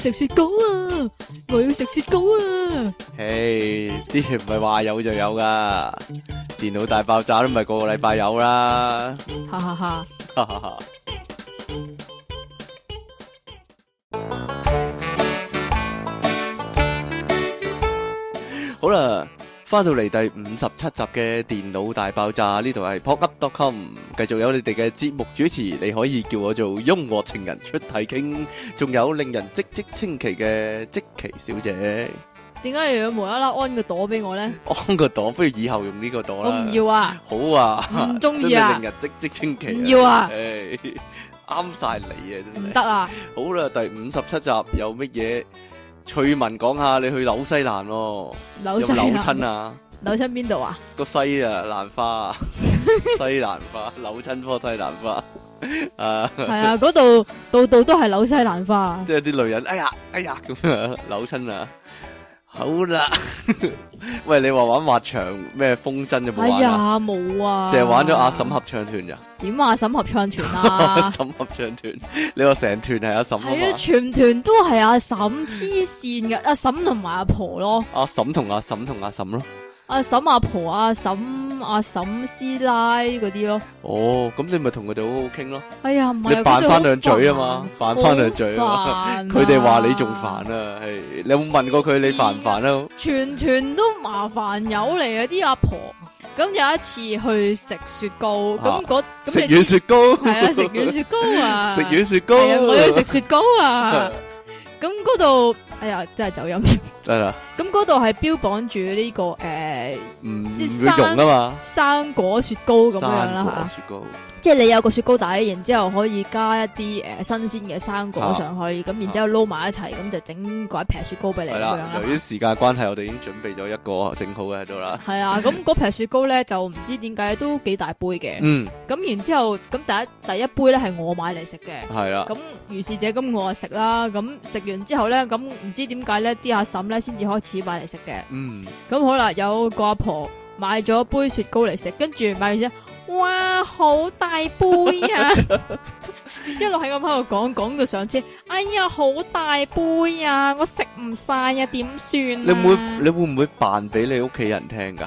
食雪糕啊！我要食雪糕啊！嘿，啲嘢唔係話有就有㗎，電腦大爆炸都唔係個個禮拜有啦。哈哈哈，哈哈哈。好啦。翻到嚟第五十七集嘅電腦大爆炸，呢度係 pockup.com 繼續有你哋嘅節目主持，你可以叫我做音樂情人出體傾，仲有令人嘖嘖稱奇嘅積淇小姐。點解又要無啦啦安個朵俾我咧？安個朵，不如以後用呢個朵啦。我唔要啊。好啊。唔中意啊。真係令人嘖嘖稱奇、啊。唔要啊。哎、啱晒你啊，真係。得啊。好啦、啊，第五十七集有乜嘢？翠文講下你去紐西蘭咯、哦，有扭親啊？扭親邊度啊？那個西啊，蘭、啊、花，哎哎、親啊，西蘭花，扭親科西蘭花啊！係啊，嗰度度度都係紐西蘭花，即係啲女人哎呀哎呀咁樣扭親啊！好啦， 喂，你話玩滑翔咩風箏就冇玩啦，係啊冇啊，淨係、哎、啊、玩咗阿嬸合唱團咋？點話阿嬸合唱團啊？阿 嬸合唱團，你話成團係阿嬸係啊？全團都係阿嬸黐線噶，阿嬸同埋阿婆咯，阿嬸同阿嬸同阿嬸咯。阿嬸、阿婆、阿嬸、阿嬸師奶嗰啲咯。哦，咁你咪同佢哋好好傾咯。哎呀，唔係，你扮翻兩嘴啊嘛，扮翻兩嘴啊嘛，佢哋話你仲煩啊，係你有冇問過佢你煩唔煩啊？全團都麻煩友嚟啊啲阿婆。咁有一次去食雪糕，咁嗰咁你食軟雪糕，係啊食軟雪糕啊，食軟雪糕，我要食雪糕啊。咁嗰度，哎呀真係走音添。真啊。咁嗰度係標榜住呢、這個誒、呃嗯，生啊嘛，生果雪糕咁樣啦吓，即係、啊就是、你有個雪糕底，然之後可以加一啲誒、呃、新鮮嘅生果上去，咁、啊、然之後撈埋一齊，咁、啊、就整鬼一皮雪糕俾你、啊、這由於時間關係，啊、我哋已經準備咗一個整好嘅喺度啦。係啊，咁嗰皮雪糕咧就唔知點解都幾大杯嘅。咁、嗯啊、然之後咁第一第一杯咧係我買嚟食嘅。係、啊、啦，咁、啊、如是者咁我食啦，咁食完之後咧咁唔知點解咧啲阿嬸咧先至開始。買嚟食嘅，咁、嗯、好啦，有個阿婆買咗杯雪糕嚟食，跟住買完之後，哇，好大杯啊！ 一路喺咁喺度講講到上車，哎呀，好大杯啊，我食唔晒啊，點算、啊？你會你會唔會扮俾你屋企人聽噶？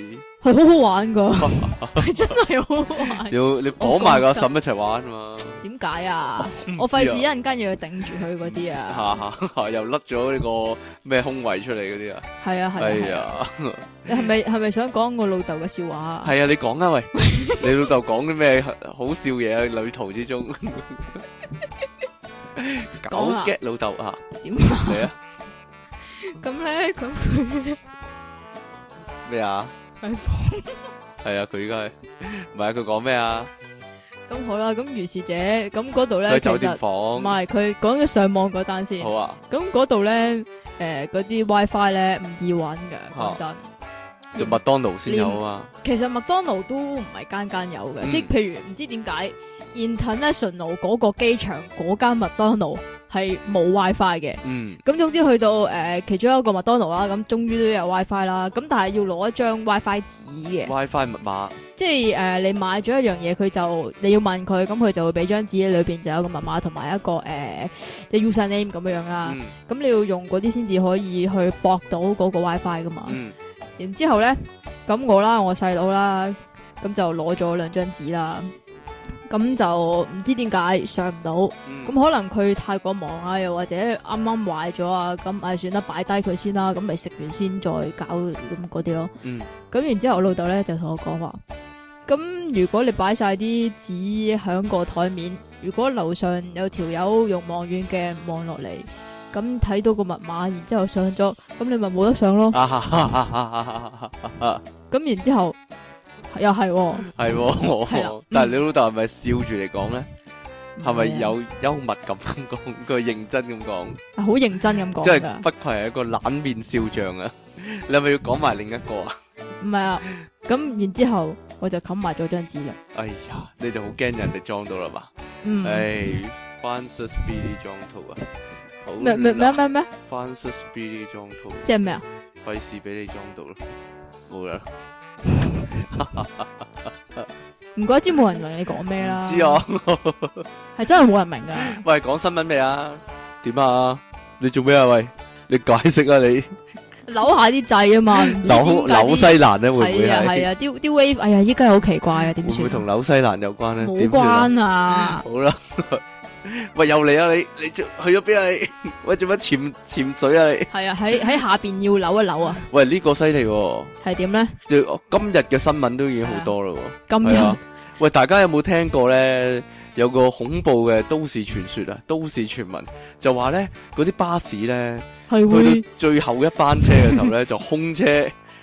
係好好玩噶，係真係好好玩。要你綁埋個嬸一齊玩嘛？點解啊？我費事一陣間要頂住佢嗰啲啊！吓吓吓！又甩咗呢個咩空位出嚟嗰啲啊？係啊係啊！你係咪係咪想講我老豆嘅笑話啊？係啊，你講啊喂！你老豆講啲咩好笑嘢啊？旅途之中，狗 get 老豆啊？點啊？係啊！咁咧，咁佢咩啊？係房，係啊，佢依家係，唔 係啊，佢講咩啊？咁 好啦、啊，咁如是者，咁嗰度咧，酒店房。唔係佢講緊上網嗰單先。好啊，咁嗰度咧，誒、呃，嗰啲 WiFi 咧唔易揾噶，講真。就、啊、麥當勞先有啊，其實麥當勞都唔係間間有嘅、嗯，即係譬如唔知點解。延騰咧，順路嗰個機場嗰間麥當勞係冇 WiFi 嘅。嗯。咁總之去到誒、呃、其中一個麥當勞啦，咁終於都有 WiFi 啦。咁但係要攞一張 WiFi 紙嘅。WiFi 密碼。即係誒，你買咗一樣嘢，佢就你要問佢，咁佢就會俾張紙，裏邊就有個密碼同埋一個誒即、呃、係、就是、user name 咁樣樣啦。咁、嗯、你要用嗰啲先至可以去駁到嗰個 WiFi 噶嘛、嗯然？然之後咧，咁我啦，我細佬啦，咁就攞咗兩張紙啦。咁就唔知點解上唔到，咁、嗯、可能佢太過忙啊，又或者啱啱壞咗啊，咁唉算啦，擺低佢先啦，咁咪食完先再搞咁嗰啲咯。咁、嗯、然之後我老豆咧就同我講話：咁如果你擺晒啲紙響個台面，如果樓上有條友用望遠鏡望落嚟，咁睇到個密碼，然之後上咗，咁你咪冇得上咯。咁、 嗯、 然之後。又係、哦，係、嗯哦嗯，但係你老豆係咪笑住嚟講咧？係、嗯、咪有、嗯、幽默咁講？佢認真咁講，好、啊、認真咁講，即係不愧係一個冷面笑匠啊！嗯、你係咪要講埋另一個、嗯、唔係啊？唔係啊，咁然之後我就冚埋咗張紙啦。哎呀，你就好驚人哋裝到啦嘛？嗯，哎，翻晒 B D 裝套啊！咩咩咩咩咩？翻晒 B D 裝套，即係咩啊？費事俾你裝到啦，冇啦。唔 怪之冇人明你講咩啦，知係、啊、真係冇人明噶。 喂，講新聞未啊？點啊？你做咩啊？喂，你解釋啊你，扭下啲掣啊嘛，扭紐西蘭咧會唔會係？係啊，啲啲、啊啊、wave，哎呀，依家好奇怪啊，點？會唔會同紐西蘭有關咧？冇關啊。好啦。 喂，又嚟啊，啊，啊，啊！你你去咗邊啊？你喂，做乜潛潛水啊？係啊，喺喺下面要扭一扭啊！喂，這個啊、呢個犀利喎！係點咧？今日嘅新聞都已經好多啦、啊啊。今日、啊、喂，大家有冇聽過咧？有個恐怖嘅都市傳說啊，都市傳聞就話咧，嗰啲巴士咧，去到最後一班車嘅時候咧， 就空車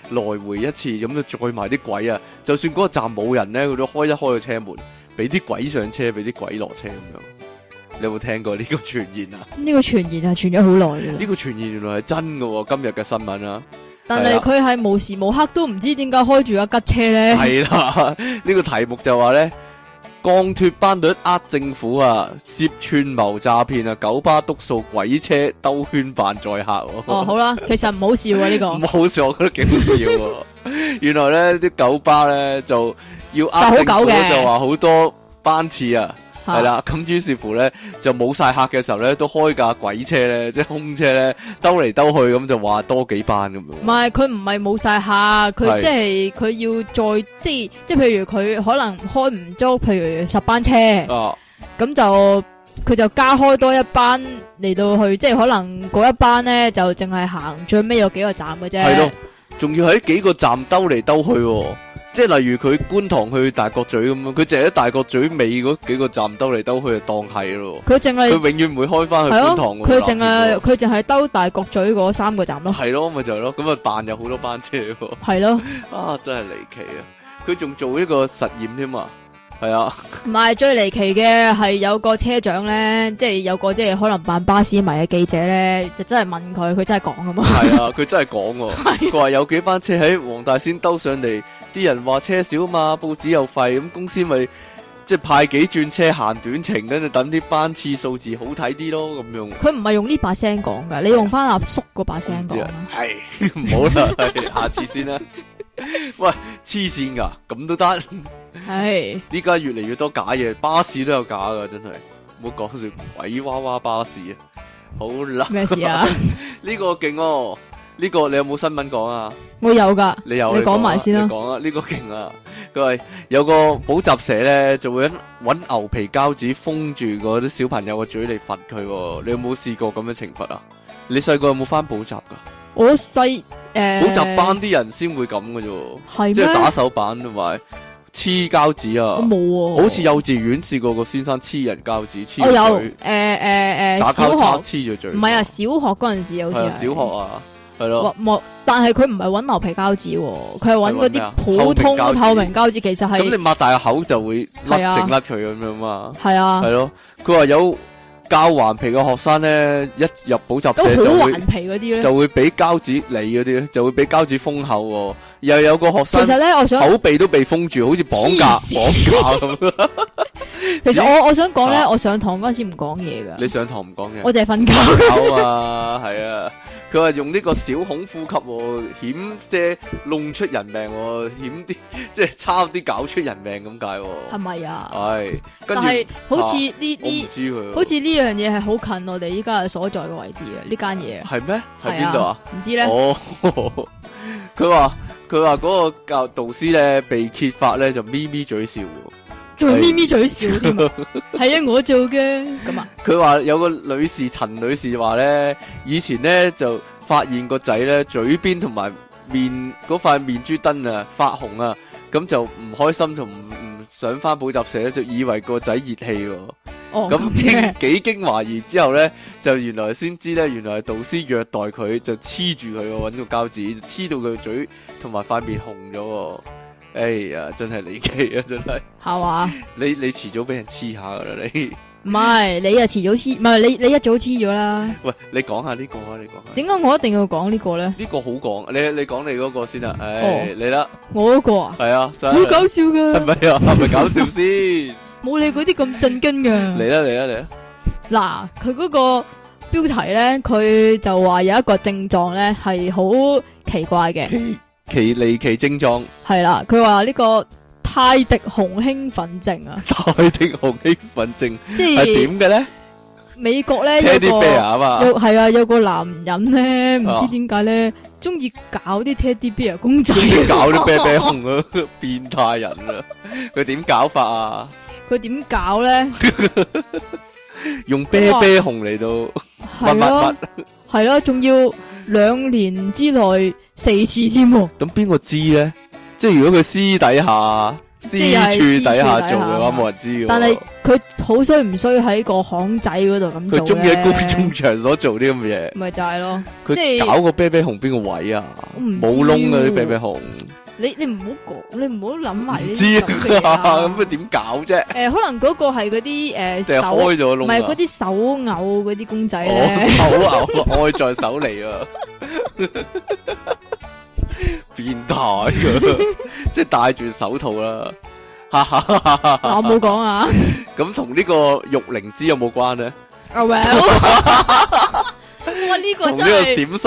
來回一次，咁就載埋啲鬼啊！就算嗰個站冇人咧，佢都開一開個車門，俾啲鬼上車，俾啲鬼落車咁樣。你有冇聽過呢個傳言啊？呢、這個傳言係傳咗好耐嘅。呢、這個傳言原來係真喎、哦，今日嘅新聞啊。但係佢係無時無刻都唔知點解開住架吉車咧？係 啦，呢、這個題目就話咧，降脱班率呃政府啊，涉串謀詐騙啊，九巴篤數鬼車兜圈扮載客哦。哦，好啦，其實唔好笑喎、啊，呢、這個。唔好笑，我覺得幾好笑。 原來咧，啲九巴咧就要呃政府就久，就話好多班次啊。係、啊、啦，咁於是乎咧，就冇晒客嘅時候咧，都開架鬼車咧，即係空車咧，兜嚟兜去咁就話多幾班咁。唔係，佢唔係冇晒客，佢即係佢要再即係即係譬如佢可能開唔足，譬如十班車，咁、啊、就佢就加開多一班嚟到去，即係可能嗰一班咧就淨係行最尾有幾個站嘅啫。係咯，仲要喺幾個站兜嚟兜去、哦。 即係例如佢觀塘去大角咀咁樣，佢淨係喺大角咀尾嗰幾個站兜嚟兜去就當係咯。佢淨係，佢永遠唔會開翻去觀塘噶。佢淨係，佢淨係兜大角咀嗰三個站咯。係咯，咪就係咯。咁啊，扮有好多班車。係咯。啊， 啊，真係離奇啊！佢仲做一個實驗添嘛。係啊，唔係最離奇嘅，係有個車長咧，即係有個即係可能扮巴士迷嘅記者咧，就真係問佢，佢真係講噶嘛？係啊，佢真係講，佢話、啊、有幾班車喺黃、欸、大仙兜上嚟，啲人話車少啊嘛，報紙又廢，咁、嗯、公司咪即係派幾轉車行短程，跟住等啲班次數字好睇啲咯，咁樣。佢唔係用呢把聲講噶，你用翻阿叔嗰把聲講啦。係唔好啦， 下次先啦。喂，黐線噶，咁都得？係，依家越嚟越多假嘢，巴士都有假噶，真係唔好講笑鬼娃娃巴士啊！好啦，咩事啊？呢 個勁哦，呢、呢個你有冇新聞講啊？我有噶、呢個哦，你有你講埋先咯，講啊，呢個勁啊！佢係有個補習社咧，就會搵牛皮膠紙封住嗰啲小朋友個嘴嚟罰佢，你有冇試過咁嘅懲罰啊？你細個有冇返補習噶？我細誒，補、呃、習班啲人先會咁噶啫，即係打手板同埋。黐膠紙啊！冇喎、啊，好似幼稚園試過個先生黐人膠紙黐住有？誒誒誒，小學黐咗嘴了，唔係啊，小學嗰陣時好似係小學啊，係咯，但係佢唔係搵牛皮膠紙、啊，佢係搵嗰啲普通透明膠紙，膠紙其實係咁你擘大口就會甩淨甩佢咁樣嘛，係啊，係咯，佢話有教頑皮嘅學生咧，一入補習社就會好頑皮嗰啲咧，就會俾膠紙你嗰啲咧，就會俾膠紙封口喎、啊。又有個學生，其實呢，我想口鼻都被封住，好似綁架、綁架咁。其實我我想講咧、啊，我上堂嗰時唔講嘢噶。你上堂唔講嘢？我淨係瞓覺。啊，係 啊。佢話用呢個小孔呼吸、哦，險些弄出人命、哦，險啲即係差啲搞出人命咁解、哦。係咪啊？係。但係好似呢呢，好似呢樣嘢係好近我哋依家所在嘅位置這啊。呢間嘢。係咩？係邊度啊？唔知咧。哦，佢 話。佢話嗰個教導師咧，被揭發咧，就咪咪嘴笑，仲咪咪嘴笑添，係 啊，我做嘅咁啊。佢 話有個女士陳女士話咧，以前咧就發現個仔咧嘴邊同埋面嗰塊面珠燈啊發紅啊，咁就唔開心，同唔唔想翻補習社咧，就以為個仔熱氣。咁、哦、經幾經懷疑之後咧，就原來先知咧，原來係導師虐待佢，就黐住佢個搵個膠紙黐到佢個嘴同埋塊面紅咗。哎呀，真係離奇啊，真係係嘛？你你遲早俾人黐下噶啦，你唔係你啊？遲早黐，唔係你，你一早黐咗啦。喂，你講下呢個啊？你講下點解我一定要講呢個咧？呢、這個好講，你你講你嗰個先啦、啊。哎，你、哦、啦，我嗰個啊，係啊，真係，好搞笑噶，係咪啊？係咪搞笑先？ 冇你嗰啲咁震驚嘅，嚟啦嚟啦嚟啦！嗱，佢嗰個標題咧，佢就話有一個症狀咧，係好奇怪嘅奇離奇症狀。係啦，佢話呢個泰迪熊興奮症啊！泰迪熊興奮症即係點嘅咧？美國咧有個又係啊，有，有個男人咧，唔知點解咧，中、oh. 意搞啲 teddy b 泰迪熊公仔，搞啲啤啤熊啊？ 啤啤啤 變態人啊！佢 點搞法啊？佢點搞咧？ 用啤啤紅嚟到乜乜乜？係咯，仲 什麼 要兩年之內四次添、哦。咁邊個知咧？即係如果佢私,私底下私處底下做嘅話，冇人知嘅。但係佢好衰唔衰喺個巷仔嗰度咁？佢中意喺公眾場所做啲咁嘅嘢，咪就係、是、咯。佢即係搞個啤啤紅邊個位啊？冇窿啊啲、啊、啤啤紅。你你唔好講，你唔好諗埋。唔知啊，咁啊點搞啫？誒，可能嗰個係嗰啲誒手開咗，唔係嗰啲手偶嗰啲公仔咧。哦，手偶愛在手裏啊！變態㗎，即係戴住手套啦！啊，我冇講啊。咁同呢個玉靈芝有冇關咧？啊，Well。哇！呢、這個同呢個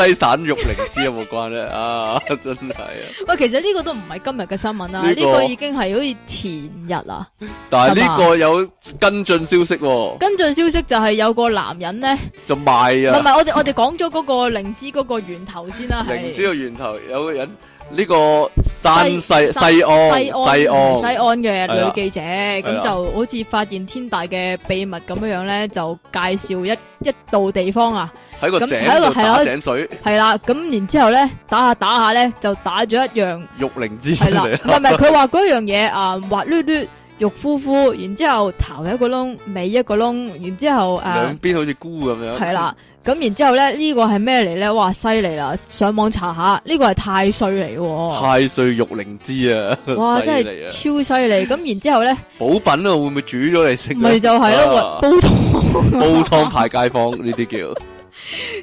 陝西省玉靈芝有冇關咧？ 啊，真係啊！喂，其實呢個都唔係今日嘅新聞啦、啊，呢、這個這個已經係好似前日啦。但係呢個有跟進消息、啊嗯，跟進消息就係有個男人咧就賣啊不！唔係我哋我哋講咗嗰個靈芝嗰個源頭先啦、啊，靈芝嗰個源頭有個人。呢、這個山西西安西安西安嘅女記者，咁就好似發現天大嘅秘密咁樣樣咧，就介紹一一道地方啊。喺個井度打井水，係啦。咁然之後咧，打下打下咧，就打咗一樣玉靈芝出嚟。係啦，係 係，佢話嗰樣嘢啊，滑捋捋，肉乎乎，然之後頭一個窿、尾一個窿，然之後誒、啊、兩邊好似菇咁樣。係啦。咁然之後咧，這個、呢個係咩嚟咧？哇，犀利啦！上網查下，呢、這個係太歲嚟。太歲肉靈芝啊！哇，真係超犀利！咁然之後咧，補品啊，會唔會煮咗嚟食？咪就係咯，煲湯 煲湯派街坊呢啲 叫。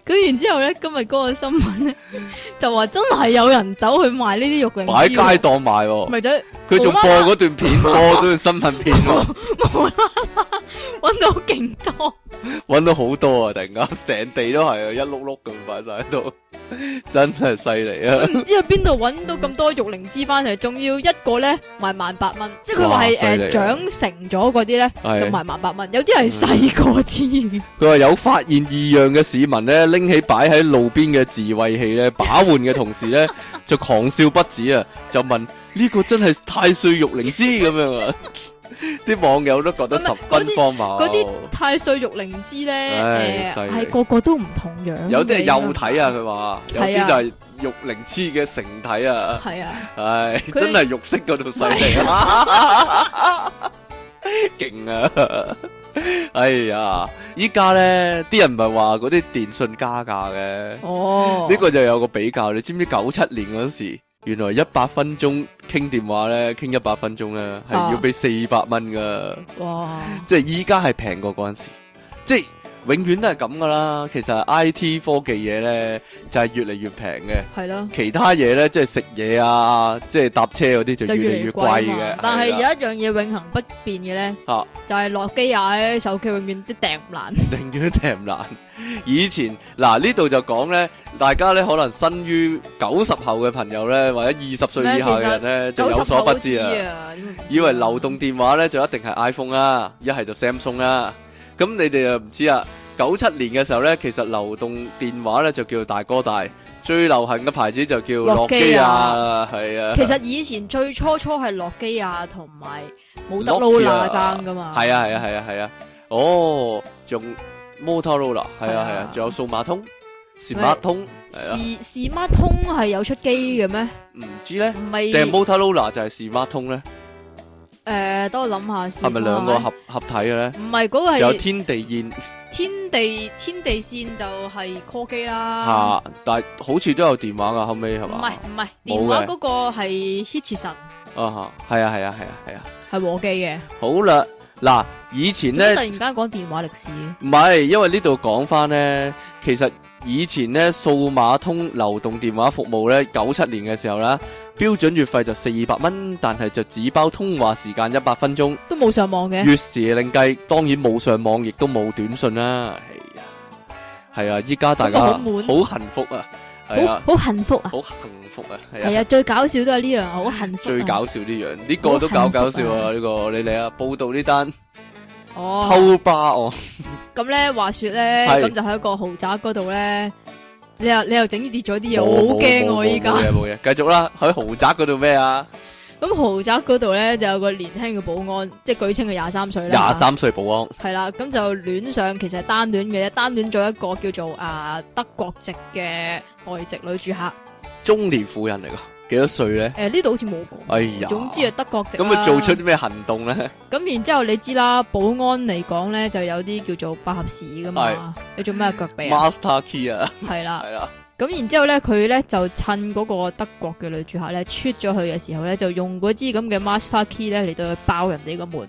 咁然之後咧，今日嗰個新聞咧，就話真係有人走去賣呢啲肉靈芝，擺街檔賣、啊。咪就佢、是、仲、啊、播嗰段片，播 段新聞片咯、啊，無啦啦揾到勁多。搵到好多啊！突然間成地都係啊，一碌碌咁擺晒喺度，真係犀利啊！唔知喺邊度搵到咁多肉靈芝翻嚟，仲要一個咧賣萬八蚊，即係佢話係誒長成咗嗰啲咧就賣萬八蚊，有啲係細個啲。佢話有發現異樣嘅市民咧，拎起擺喺路邊嘅自衛器咧把玩嘅同時咧就狂笑不止啊！就問呢個真係太歲肉靈芝咁樣啊？啲 網友都覺得十分荒謬。嗰啲太歲玉靈芝咧，誒係、呃、個個都唔同樣。有啲係幼體啊，佢話有啲就係玉靈芝嘅成體啊。係啊，係真係玉色嗰度犀利啊，勁啊！ 犀利啊 哎呀，依家咧，啲人唔係話嗰啲電信加價嘅哦，呢、這個就有個比較。你知唔知九七年嗰時？原來一百分鐘傾電話咧，傾一百分鐘咧係要俾四百蚊噶，哇，即係依家係平過嗰陣時。即永遠都係咁噶啦，其實 I T 科技嘢咧就係越嚟越平嘅，係咯。其他嘢咧即係食嘢啊，即係搭車嗰啲就越嚟越貴嘅。但係有一樣嘢永恆不變嘅咧，就係諾基亞嘅手機永遠都掟唔爛，永遠都掟唔爛。以前嗱呢度就講咧，大家咧可能生於九十後嘅朋友咧，或者二十歲以下嘅人咧就有所不知啊，以為流動電話咧就一定係 iPhone 啦，一係就 Samsung 啦。咁你哋又唔知啊？九七年嘅時候咧，其實流動電話咧就叫大哥大，最流行嘅牌子就叫諾基亞，係啊。其實以前最初初係諾基亞同埋摩托羅拉爭噶嘛。係啊係啊係啊係啊，哦，仲有摩托羅拉，係啊係啊，仲有數碼通、視馬通。視視馬通係有出機嘅咩？唔知咧，唔係。定摩托羅拉就係視馬通咧？誒、呃，等我諗下先。係咪兩個合、啊、合體嘅咧？唔係，嗰、嗰個係。有天地線。天地天地線就係 call 機啦。吓、啊，但係好似都有電話噶，後尾，係嘛？唔係唔係，電話嗰個係 hit 神。啊哈，係啊係啊係啊係啊。係、啊啊啊啊、和記嘅。好啦，嗱，以前咧。點解突然間講電話歷史？唔係，因為這裡回呢度講翻咧，其實以前咧，數碼通流動電話服務咧，九七年嘅時候呢。標準月費就四百蚊，但係就只包通話時間一百分鐘，都冇上網嘅。月時另計，當然冇上網，亦都冇短信啦。係啊，係啊，依家大家好幸福啊，好幸福啊，好幸福啊，係啊，最搞笑都係呢樣好幸福。最搞笑呢樣，呢個都搞搞笑啊，呢個你嚟啊報道呢單，偷扒哦。咁咧，話說咧，咁就喺一個豪宅嗰度咧。你又你又整住跌咗啲嘢，好驚我依家冇嘢冇嘢。繼續啦。喺豪宅嗰度咩啊？咁豪宅嗰度咧就有個年輕嘅保安，即係據稱係廿三歲啦。廿三歲保安係啦，咁就戀上，其實係單戀嘅啫，單戀咗一個叫做啊德國籍嘅外籍女住客，中年婦人嚟噶。幾多歲咧？誒、欸，呢度好似冇。哎呀，總之啊，德國籍、啊。咁佢做出啲咩行動咧？咁然之後你知啦，保安嚟講咧，就有啲叫做百合匙噶嘛。 你做咩腳髀啊？Master key 啊， 係啦，係啦。咁然之後咧，佢咧就趁嗰個德國嘅女住客咧出咗去嘅時候咧，就用嗰支咁嘅 master key 咧嚟到去爆人哋個門。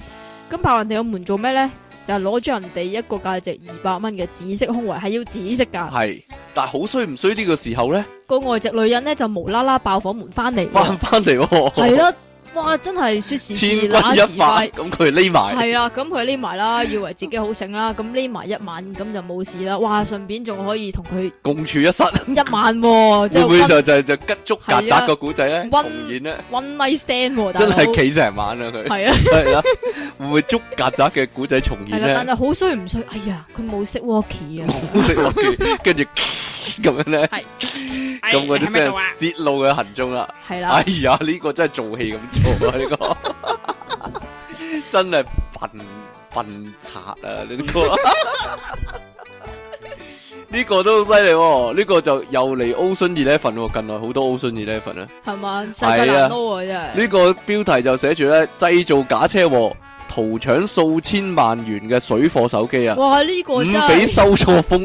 咁爆人哋個門做咩咧？就攞咗人哋一個價值二百蚊嘅紫色胸圍，係要紫色噶。係，但係好衰唔衰呢個時候咧，個外籍女人咧就無啦啦爆房門翻嚟，翻翻嚟，係、哦、咯。哇！真係說時遲那時快，咁佢匿埋係啦，咁佢匿埋啦，以為自己好醒啦，咁匿埋一晚，咁就冇事啦。哇！順便仲可以同佢共處一室，一晚會唔會就就就吉捉曱甴個古仔咧？重現咧，one night stand 真係企成晚啊佢係啊係啊，會唔會捉曱甴嘅古仔重現咧？但係好衰唔衰？哎呀，佢冇識 walkie 啊，冇識 walkie，跟住咁樣咧，咁嗰啲聲泄露嘅行蹤啦。係啦，哎呀，呢個真係做戲咁。呢、哦這個 真係笨笨賊啊！呢、這個呢 個都好犀利，呢、這個就又嚟 Ocean Eleven 喎，近來好多 Ocean Eleven 啦。係嘛？係啊，呢個,、啊啊這個標題就寫住咧，製造假車禍，圖搶數千萬元嘅水貨手機啊！哇，呢、這個唔畀收錯風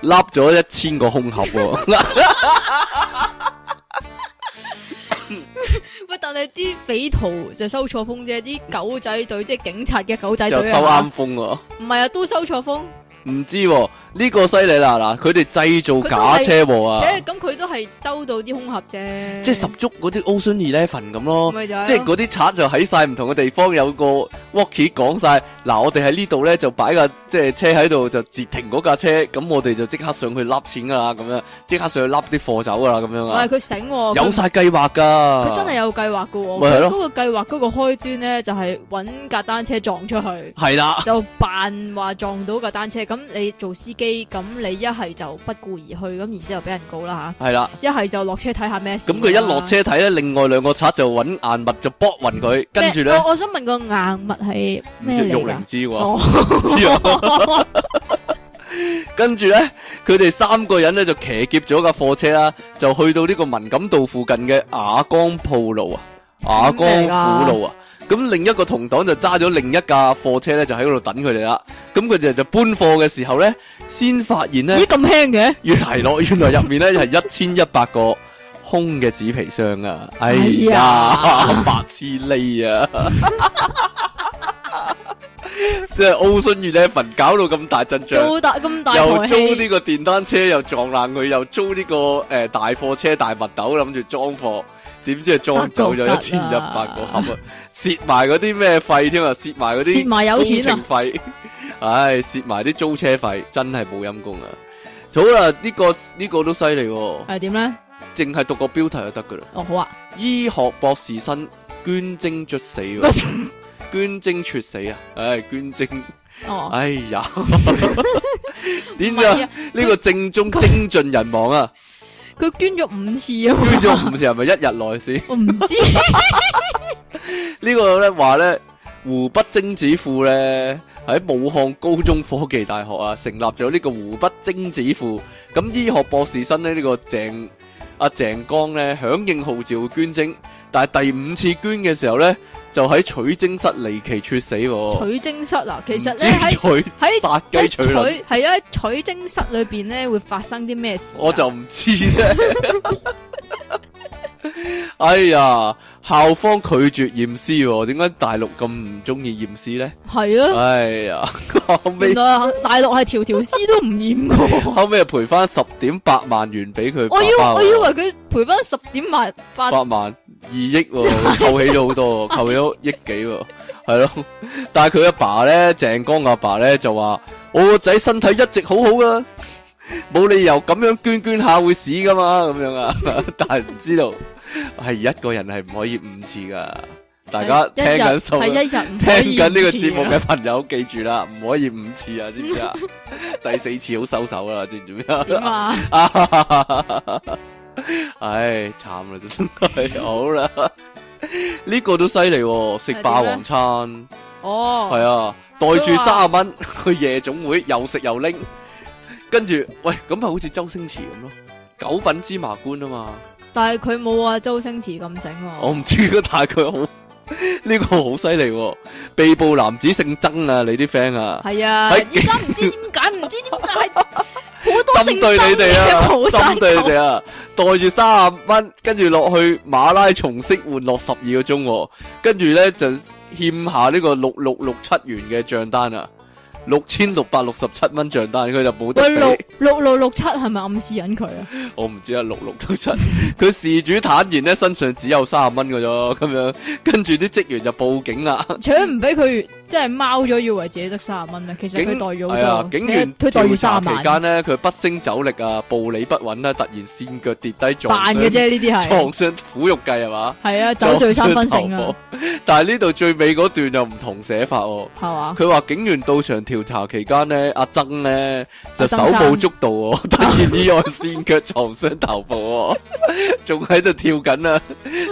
笠咗 一千個空盒、啊。 但係啲匪徒就收錯風啫，啲狗仔隊即係警察嘅狗仔隊收啱風啊！唔係啊，都收錯風。唔知。啊呢個犀利啦，嗱，佢哋製造假車禍啊！誒，咁佢都係周到啲空盒啫。即係十足嗰啲 Ocean Eleven 咁咯。咪就係。即係嗰啲賊就喺曬唔同嘅地方有個 walkie 講曬。嗱，我哋喺呢度咧就擺架即係車喺度就截停嗰架車，咁我哋就即刻上去笠錢㗎啦。咁樣即刻上去笠啲貨走㗎啦。咁樣啊。係佢醒喎，有曬計劃㗎。佢真係有計劃㗎喎。咪係咯。嗰個計劃嗰個開端咧就係揾架單車撞出去。係啦。就扮話撞到架單車，咁你做司機。咁你一係就不顧而去，咁然之後俾人告啦吓。係啦，一係就落車睇下咩事。咁佢一落車睇咧，另外兩個賊就揾硬物就撲暈佢，跟住咧，我我想問個硬物係咩嚟噶？我唔知喎。跟住咧，佢哋三個人咧就騎劫咗架貨車啦，就去到呢個文錦渡附近嘅亞光鋪路啊。阿、啊、光苦路啊！咁另一個同黨就揸咗另一架貨車咧，就喺嗰度等佢哋啦。咁佢哋就搬貨嘅時候咧，先發現咧咦，咁輕嘅？原嚟咯，原來入面咧係一千一百個空嘅紙皮箱啊！哎呀，白痴呢啊！即係 Ocean Eleven 呢份搞到咁大陣仗，咁大又租呢個電單車又撞爛佢，又租呢、這個誒、呃、大貨車大物斗諗住裝貨。點知係裝走咗一千一百個盒啊！蝕埋嗰啲咩費添啊！蝕埋嗰啲蝕埋有錢啊、 哎！唉，蝕埋啲租車費，真係冇陰功啊！好啦、啊，呢、這個呢、這個都犀利喎。係點咧？淨係讀個標題就得噶啦。哦，好啊。醫學博士生捐精猝死，捐精猝死， 死啊！唉、哎，捐精，哦、哎呀，點 呀？ 呢、啊這個正宗精盡人亡啊！佢捐咗五次啊！捐咗五次係咪一日內先？我唔知 個呢個咧話咧，湖北精子庫咧喺武漢高中科技大學啊，成立咗呢個湖北精子庫，咁醫學博士生咧呢、這個鄭。阿鄭江咧響應號召捐精，但係第五次捐嘅時候咧，就喺取精室離奇猝死。取精室喇？其實咧喺喺殺雞取卵，係啊！取精室裏邊咧會發生啲咩事？啊？我就唔知呢。 哎呀，校方拒絕驗屍，哦，點解大陸咁唔中意驗屍咧？係啊，哎呀，原來 大陸係條條屍都唔驗，後尾又賠翻十點八萬元俾佢。我以我以為佢賠翻十點萬八萬二億，哦，扣起咗好多， 扣咗億幾，係 咯。但係佢阿爸咧，鄭江阿爸咧就話：我個仔身體一直好好㗎，冇理由咁樣捐捐下會死噶嘛，咁樣啊，但係唔知道。係一個人係唔可以五次噶，大家聽緊數，聽緊呢個節目嘅朋友記住啦，唔可以五次啊！知唔知啊？第四次好收手啦，知唔知咩啊？嘛，唉，慘啦，真係好啦，呢個都犀利，食霸王餐哦，係啊，袋住三十蚊去夜總會又食又拎，跟住喂咁咪好似周星馳咁咯，九品芝麻官啊嘛。但係佢冇話周星馳咁醒喎，我唔知但係佢好呢個好犀利，被捕男子姓曾啊，你啲 friend 啊，係啊，而家唔知點解，唔 知點解好多姓曾對你哋啊，針對你哋啊，袋住三啊蚊，跟住落去馬拉松式換落十二個鐘喎，跟住咧就欠下呢個六六六七元嘅賬單啊！六千六百六十七蚊賬單，佢就冇得俾。喂，六六六六七係咪暗示引佢啊？我唔知啊，六六六七。佢 事主坦言咧，身上只有三十蚊嘅啫，咁樣。跟住啲職員就報警啦。搶唔俾佢，即係貓咗，以為自己得三十蚊咧。其實佢袋咗好多，哎。警員，佢調查期間呢，佢不勝酒力啊，步履不穩啦，突然跣腳跌低。撞扮嘅啫，呢啲係。創傷苦肉計係嘛？係啊，酒醉 三分醒。啊。但係呢度最尾嗰段又唔同寫法，哦，係嘛？佢話警員到場調查期間咧，阿曾咧就手舞足蹈，突然意外跣腳撞傷頭部，仲喺度跳緊啊，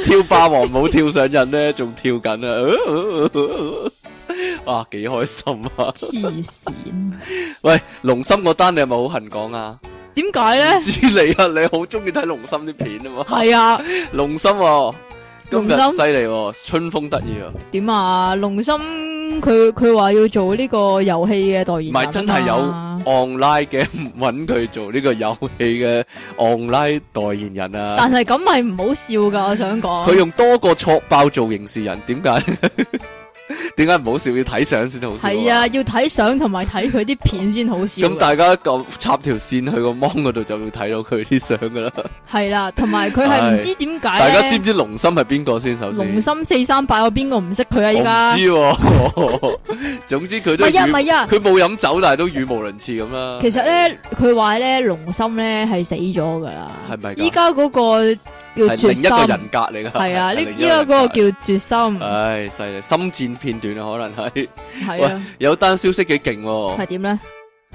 跳霸王舞跳上癮咧，仲跳緊啊，哇幾開心啊！黐線！喂，龍心個單你係咪好恨講啊？點解咧？知你啊，你好中意睇龍心啲片啊嘛？係啊，龍心咁犀利，春風得意啊！點啊，龍心？佢佢話要做呢個遊戲嘅代言，唔係、啊、真係有 online 嘅，搵佢做呢個遊戲嘅 online 代言人啊！但係咁係唔好笑㗎，我想講佢 用多個挫爆做刑事人，點解？ 點解唔好笑要睇相先好笑？係啊，要睇相同埋睇佢啲片先好笑。咁 大家插條線去個芒嗰度，就會睇到佢啲相噶啦。係啦，同埋佢係唔知點解。大家知唔知龍心係邊個先？首先龍心四三八我邊個唔識佢啊？依家唔知，啊， 總之佢都唔係啊，係啊，佢冇飲酒，但係都語無倫次咁啦。其實咧，佢話咧龍心咧係死咗噶啦，係咪，啊？依家嗰個。叫絕心「係另一個人格嚟噶，係啊！呢呢個嗰、這個、個叫絕心。唉、哎，犀利！心戰片段啊，可能係。係啊，喂，有單消息幾勁喎？係點咧？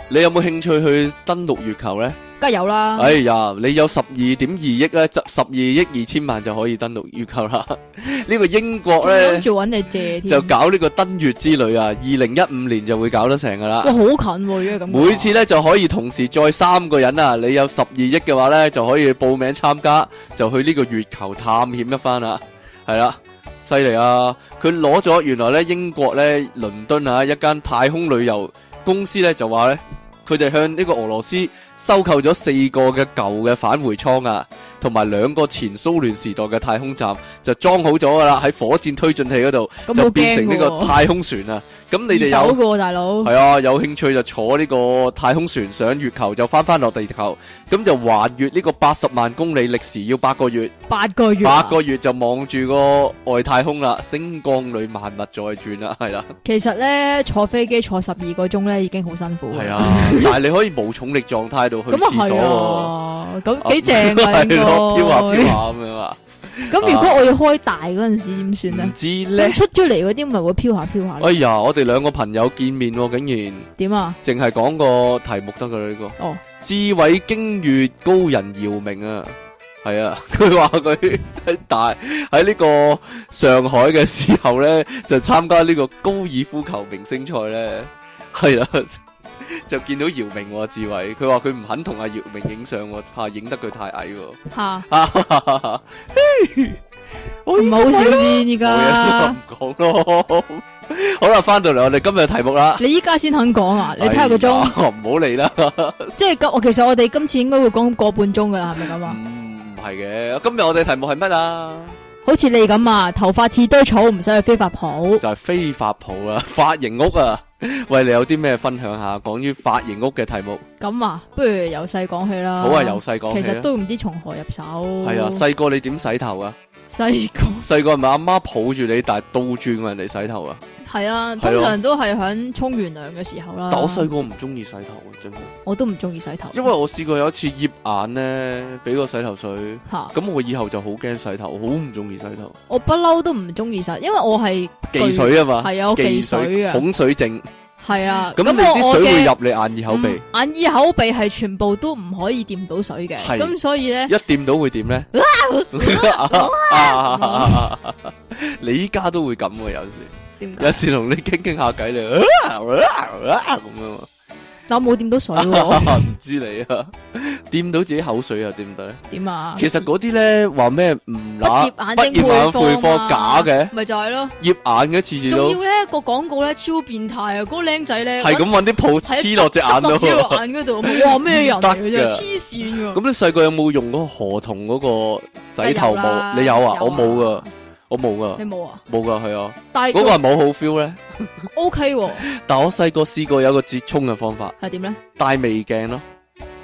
你有冇興趣去登陸月球咧？梗係有啦！哎呀，你有十二點二億咧，十十二億二千萬就可以登陸月球啦！呢個英國咧就搵你借，就搞呢個登月之旅啊！二零一五年就會搞得成噶啦！哇，好近喎，因為咁每次咧就可以同時再三個人啊！你有十二億嘅話咧，就可以報名參加，就去呢個月球探險一番啊！係啦，犀利啊！佢攞咗原來咧英國咧倫敦啊一間太空旅遊。公司咧就話咧，佢哋向呢個俄羅斯收購咗四個嘅舊嘅返回艙啊，同埋兩個前蘇聯時代嘅太空站就裝，就裝好咗噶啦，喺火箭推進器嗰度就變成呢個太空船啊。咁你哋有，大佬，係啊，有興趣就坐呢個太空船上月球，就返返落地球，咁就環越呢個八十萬公里，歷時要八個月，八個月，八個月就望住個外太空啦，星光裏萬物在轉啦，係啦。其實咧，坐飛機坐十二個鐘咧，已經好辛苦。係啊，但係你可以冇重力狀態度去廁所喎，咁幾正噶，飄下飄下咁啊。咁如果我要開大嗰陣時點算？啊、呢唔知咧。咁出咗嚟嗰啲咪會飄下飄下。哎呀，我哋兩個朋友見面，哦，竟然點啊？淨係講個題目得噶啦呢個。哦，智偉經月高人姚明啊，係啊，佢話佢喺大喺呢個上海嘅時候咧，就參加呢個高爾夫球明星賽咧，係啦、啊。 就見到姚明喎，志偉佢話佢唔肯同阿姚明影相喎，怕影得佢太矮喎。唔 好笑先，依家唔講咯。好啦，翻到嚟我哋今日嘅題目啦。你依家先肯講啊？你睇下、哎嗰個鐘。唔好理啦！ 即係我其實我哋今次應該會講個半鐘噶啦，係咪咁啊？唔係嘅，今日我哋題目係乜啊？好似你咁啊，頭髮似堆草，唔使去飛髮鋪，就係、是、飛髮鋪啊髮型屋啊！喂，你有啲咩分享下？講於髮型屋嘅題目。咁啊，不如由細講起啦。好啊，由細講起。其實都唔知從何入手。係啊，細個你點洗頭啊？細個細個係咪阿媽抱住你，但係倒轉人哋洗頭啊？係啊，通常都係響沖完涼嘅時候啦。但我細個唔中意洗頭啊，真係。我都唔中意洗頭，因為我試過有一次醃眼咧，俾個洗頭水，咁 我以後就好驚洗頭，好唔中意洗頭。我不嬲都唔中意洗，因為我係忌水啊嘛，係啊，我忌水啊，恐水症。 係啊，咁、嗯、你啲水會入你眼耳口鼻，嗯、眼耳口鼻係全部都唔可以掂到水嘅，咁、啊、所以咧一掂到會點咧、啊 啊啊啊啊啊？你依家都會咁啊，有時，有時同你傾傾下偈你。咁樣但我冇掂到水喎 唔知你啊！掂到自己口水又點得咧？點啊？其實嗰啲咧話咩唔辣？眼，眼睛配方、啊眼睛配方啊、假嘅，咪就係咯？業眼嘅次次都。仲要咧、嗰個廣告咧超變態啊！嗰、嗰個靚仔咧係咁搵啲鋪黐落隻眼度，黐落眼嗰度 哇咩人？黐線㗎。咁、啊、 你細個、啊、有冇用嗰個河同嗰個洗頭帽？你有啊？有啊我冇噶。我冇噶，你冇啊？冇噶係啊，但嗰個係冇好 feel 咧，OK 喎。但我細個試過有個節沖嘅方法，係點咧？戴眉鏡咯，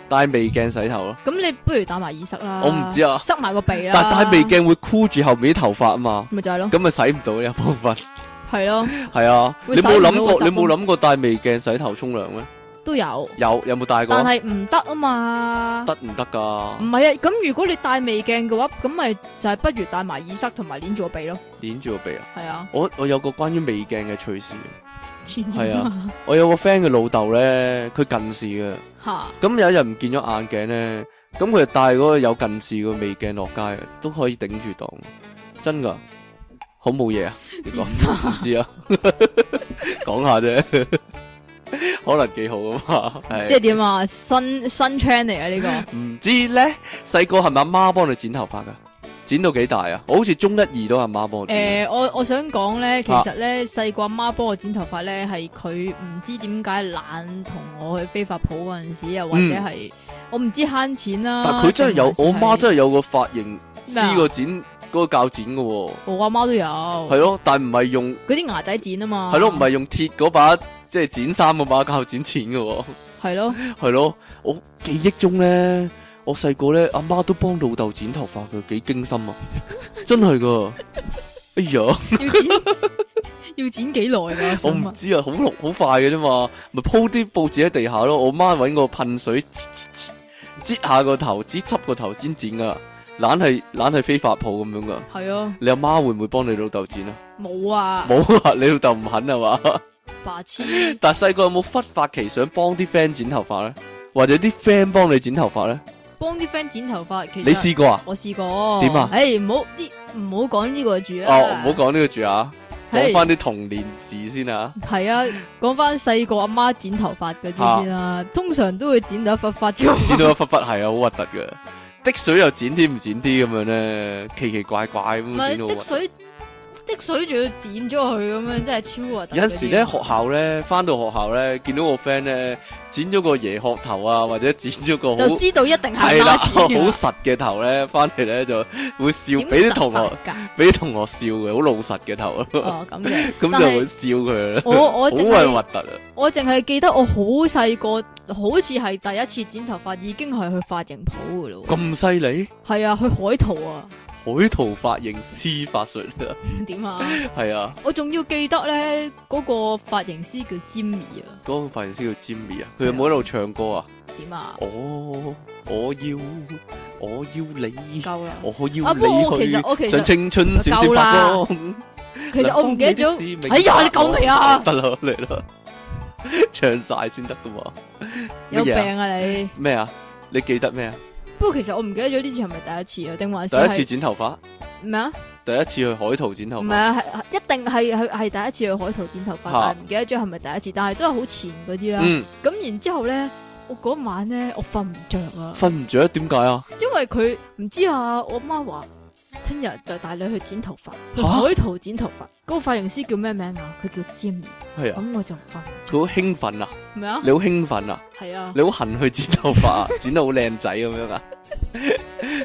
戴眉鏡洗頭咯。咁你不如戴埋耳塞啦。我唔知啊，塞埋個鼻啦。但係戴眉鏡會箍住後面啲頭髮啊嘛，咪 就係咯。咁咪洗唔到有部分係咯。係啊， 是的 你冇諗過你冇諗過戴眉鏡洗頭沖涼咩？都有有有冇戴過？但係唔得啊嘛！得唔得噶？唔係啊，咁如果你戴微鏡嘅話，咁咪就係不如戴埋耳塞同埋捻住個鼻咯。捻住個鼻啊？係啊，我我有個關於微鏡嘅趣事。天。係啊，我有個 friend 嘅老豆咧，佢近視嘅。吓咁有一日唔見咗眼鏡咧，咁佢就戴嗰個有近視嘅微鏡落街，都可以頂住檔，真噶，好冇嘢啊！你講唔知啊？講下啫。 可能幾好啊，係 即係點啊？新新 channel 啊，呢個唔知咧。細個係咪阿媽幫你剪頭髮噶？剪到幾大啊？好似中一二都阿媽幫我。誒，我我想講咧，其實咧細個阿媽幫我剪頭髮咧，係佢唔知點解懶同我去飛發鋪嗰陣時候，又或者係，嗯、我唔知慳錢啦，啊。但佢真係有，有，我媽真係有個髮型師個剪。嗰、那個鉸剪嘅喎，我阿媽都有。係咯，但係唔係用嗰啲牙仔剪啊嘛是的。係咯，唔係用鐵嗰把，即係剪衫嗰把鉸剪剪嘅。係咯，係咯，我記憶中咧，我細個咧，阿媽都幫老豆剪頭髮，佢幾驚心啊， 真係的噶的。 哎呀，要剪 要剪幾耐啊？我唔、啊、知啊，好龍好快嘅啫嘛，咪鋪啲報紙喺地下咯。我媽搵個噴水，擠下個頭，擠濕個頭先剪噶、啊。懶係懶係非法鋪咁樣噶係啊，你阿媽會唔會幫你老豆剪啊？冇啊，冇啊，你老豆唔肯啊嘛？白痴。 但細個有冇忽發奇想幫啲 friend 剪頭髮咧，或者啲 friend 幫你剪頭髮咧？幫啲 friend 剪頭髮，其實你試過啊？我試過。點啊？誒、欸，唔好啲，唔好講呢個住啊！哦，唔好講呢個住啊，講翻啲童年事先啊。係啊，講翻細個阿媽剪頭髮嗰啲先啊！通常都會剪到一忽 忽剪到一忽忽係啊，好核突嘅。滴水又剪啲唔剪啲咁樣咧，奇奇怪怪咁。剪到。滴水仲要剪咗佢咁樣，真係超核突！有陣時咧，學校咧，翻到學校咧，見到個 friend 咧，剪咗個椰殼頭啊，或者剪咗個，就知道一定係拉剪斷好實嘅頭咧，翻嚟咧就會笑，俾啲同學，俾啲同學笑嘅，好老實嘅頭啊。哦，咁嘅，咁就會笑佢啦。我我淨係，我淨係記得我好細個，好似係第一次剪頭髮，已經係去髮型鋪噶啦。咁犀利？係啊，去海淘啊。海圖髮型師法術點啊？係 啊，我仲要記得咧，嗰個髮型師叫 Jimmy 啊。嗰、嗰個髮型師叫 Jimmy 啊，佢有冇喺度唱歌啊？點啊？哦，我要，我要你夠啦。我要你。啊我，我其實我想青春少少風。其實 我唔記得咗。哎呀，你夠未啊？嚟咯嚟咯， 唱晒先得噶嘛？有病啊， 啊你！咩啊？你記得咩啊？不過其實我唔記得咗呢次係咪第一次啊，定還,還是第一次剪頭髮咩啊？第一次去海淘剪頭髮，唔係啊，係一定係係係第一次去海淘剪頭髮，但係唔記得咗係咪第一次，但係都係好前嗰啲啦。咁、嗯、然之後咧，我嗰晚咧我瞓唔着啊，瞓唔着點解啊？因為佢唔知道啊，我媽話聽日就帶你去剪頭髮、啊，去海淘剪頭髮，嗰、那個髮型師叫咩名字啊？佢叫 Jim 係啊，咁、嗯、我就瞓，好興奮啊！咩啊！你好興奮啊！係啊！你好恨去剪頭髮，剪到好靚仔咁樣啊！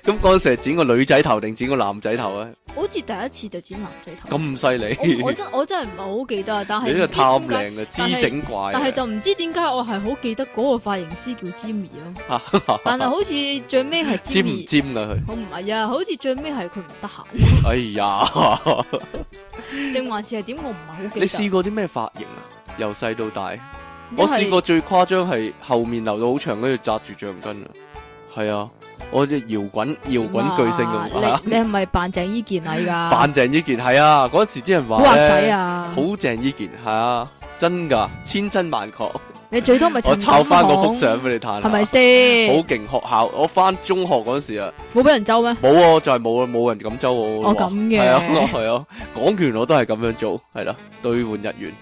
咁嗰陣時係剪個女仔頭定剪個男仔頭啊？好似第一次就剪男仔頭，咁犀利！我真我真係唔係好記得，但係你真係貪靚啊！姿整怪，但係就唔知點解我係好記得嗰個髮型師叫 Jimmy 咯。但係好似最尾係尖唔尖啊佢。我唔係啊，好似最尾係佢唔得閒。哎呀！定還是係點？我唔係好記得。你試過啲咩髮型啊？由細到大。我試過最誇張係後面留到好長，跟住紮住橡筋啊！係啊，我只搖滾搖滾巨星咁 你係咪扮鄭伊健啊？依家扮鄭伊健係啊！嗰陣時啲人話好滑仔啊！好鄭伊健係啊！真噶，千真萬確。你最多咪 我抄翻個幅相俾你睇，係咪先？好勁學校，我翻中學嗰陣時啊，冇俾人揪咩？冇哦，就係、是、冇啊，冇人敢揪我。我咁嘅係啊，係咯、啊，港權、啊、我都係咁樣做，係啦、啊，兌換日元。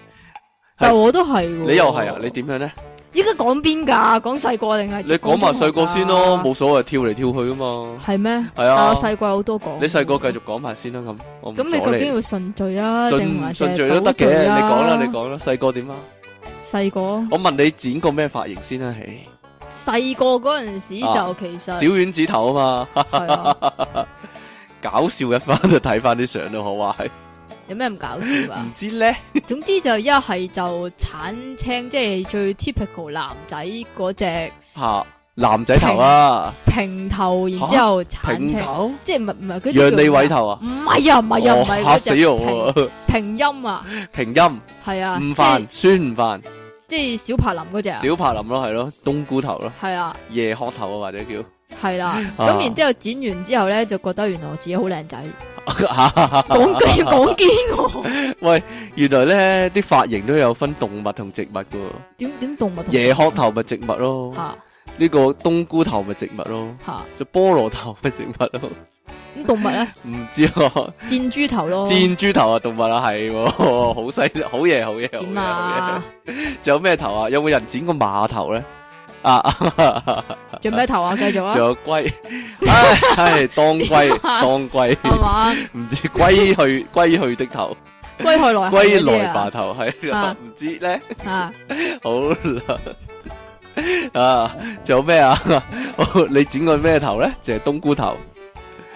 是但我都係、喎、你又係啊？你點樣咧？依家講邊噶？講細個定係？你講埋細個先咯，冇所謂，跳嚟跳去噶嘛。係咩？係啊，我細個好多講。你細個繼續講埋先啦，咁咁你究竟要順序啊？順順、啊、序都得嘅，你講啦，你講啦，細個點啊？細個，我問你剪過咩髮型先啦、啊？唉，細個嗰陣時就其實、啊、小丸子頭啊嘛， 是啊 搞笑一番就睇翻啲相都好啊。有咩咁搞笑啊？唔知咧， 總之就一係就鏟青，即、就、係、係、最 typical 男仔嗰隻吓男仔頭啊，平，平頭，然之後鏟青，啊、即係唔唔係佢叫做楊利偉頭啊？唔係啊，唔係啊，唔係嗰隻平音啊，平音係啊，唔煩，酸唔煩。即係小柏林嗰隻，小柏林咯，係咯，冬菇頭咯，係啊，椰殼頭或者叫，係啦。咁、啊、然之後剪完之後咧，就覺得原來我自己好靚仔，講雞講堅喎。喂，原來咧啲髮型都有分動物同植物噶。點點動物同植物？椰殼頭咪植物咯，呢、啊、個冬菇頭咪植物咯，啊、就菠蘿頭咪植物咯。啊 動物咧？唔知咯，箭豬頭咯，箭豬頭啊！動物啊，係，好細，好嘢，好嘢、啊，好嘢，仲有咩頭啊？有冇人剪過馬頭咧？啊，仲咩頭啊？繼續、 哎哎、啊！仲有龜，係當龜當龜，唔知龜去龜去的頭，龜 去、啊、龜來，龜來馬頭係，唔知咧，好啦，啊，仲、啊啊、有咩啊，啊？你剪過咩頭咧？就係冬菇頭。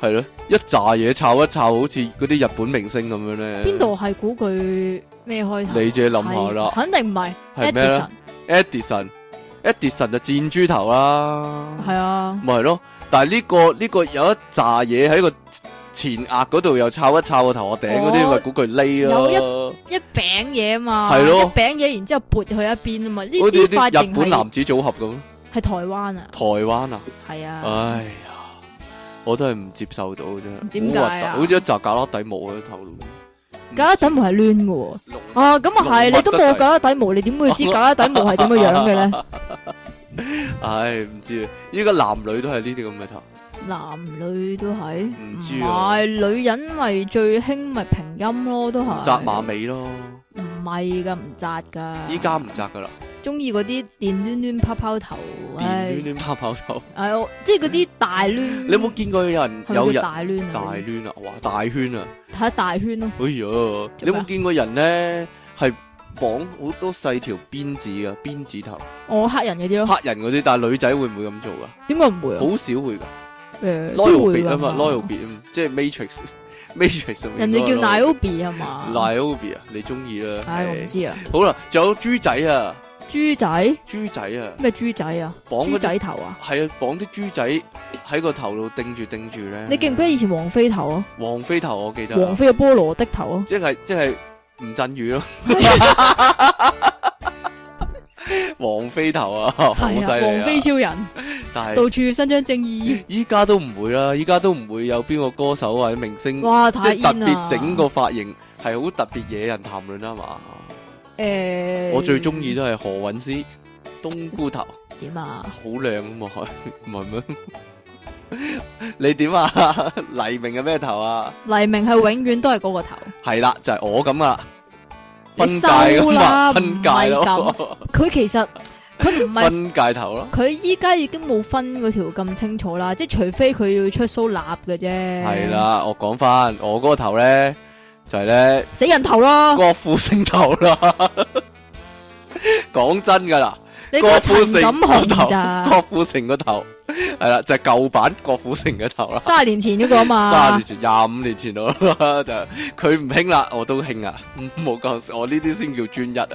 係咯，一紮嘢炒一炒，好似嗰啲日本明星咁樣咧。邊度係估佢咩開頭？你自己諗下啦。肯定唔係。係咩？Edison，Edison，Edison 就箭豬頭啦。係啊。咪係咯，但係、呢、呢個呢、呢個有一紮嘢喺個前額嗰度又炒一炒個頭頂，我頂嗰啲咪估佢 l a 咯。有一一餅嘢啊嘛。係咯。一餅嘢，然之後撥去一邊啊嘛。呢啲髮型係日本男子組合咁。係台灣啊。台灣啊。係啊。唉。我都係唔接受到啫，點解啊？好似一紮曱甴底毛嘅頭咯，曱甴底毛係攣嘅，啊咁啊係，你都冇曱甴底毛，你點會知曱甴底毛係點樣樣嘅咧？唉，唔知啊，呢個男女都係呢啲咁嘅頭，男女都係，唔知啊，係女人咪最輕咪平音咯，都係扎馬尾咯。唔係噶，唔扎噶。依家唔紮噶啦。中意嗰啲電攣攣泡泡頭。電攣攣泡泡頭。係、哎、 即係嗰啲大攣。 你有冇有見過有人有人大攣啊？大攣啊！哇，大圈啊！睇下大圈咯，啊。哎呀，你有冇見過人咧係綁好多細條辮子㗎，辮子頭？我、哦、黑人嗰啲咯。黑人嗰啲，但係女仔會唔會咁做噶、啊？點解唔會啊？好少會噶。誒、嗯、Loyal 別啊嘛，Loyal 別啊，即係 Matrix。咩、那個，其實人哋叫娜奧比係嘛？娜奧比啊，你中意啦？唉，我唔知啊。好啦，仲有豬仔啊！豬仔，豬仔啊！咩豬仔啊？綁個仔頭啊？係啊，綁啲豬仔喺個頭度定住定住咧。你記唔記得以前王菲頭啊？王菲頭我記得。王菲嘅菠羅的頭啊！即係即係吳鎮宇咯。哎、 王菲頭啊，好犀利啊！係啊，王菲超人。到處伸張正義，依家都唔會啦，依家都唔會有邊個歌手或、啊、者明星，哇，太特別整個髮型係好特別惹人談論啊嘛。誒、欸，我最中意都係何韻詩，冬菇頭點啊？好靚啊嘛，唔係咩？你點啊？ 是嗎 樣啊 黎明係咩頭啊？黎明係永遠都係嗰個頭。係 啦，就係、是、我咁啊，分界咁分界咯。佢其實。 佢唔係分界頭咯，佢依家已經冇分嗰條咁清楚啦，即係除非佢要出蘇立嘅啫。係啦，我講翻我嗰個頭咧，就係、是、咧死人頭咯，郭富城頭啦。講 真噶啦，你個陳錦鴻頭，郭富城個頭係啦， 就係、是、舊版郭富城嘅頭啦，卅年前嗰個啊嘛，卅年前廿五年前咯， 就佢唔興啦，我都興啊，冇講我呢啲先叫專一啊。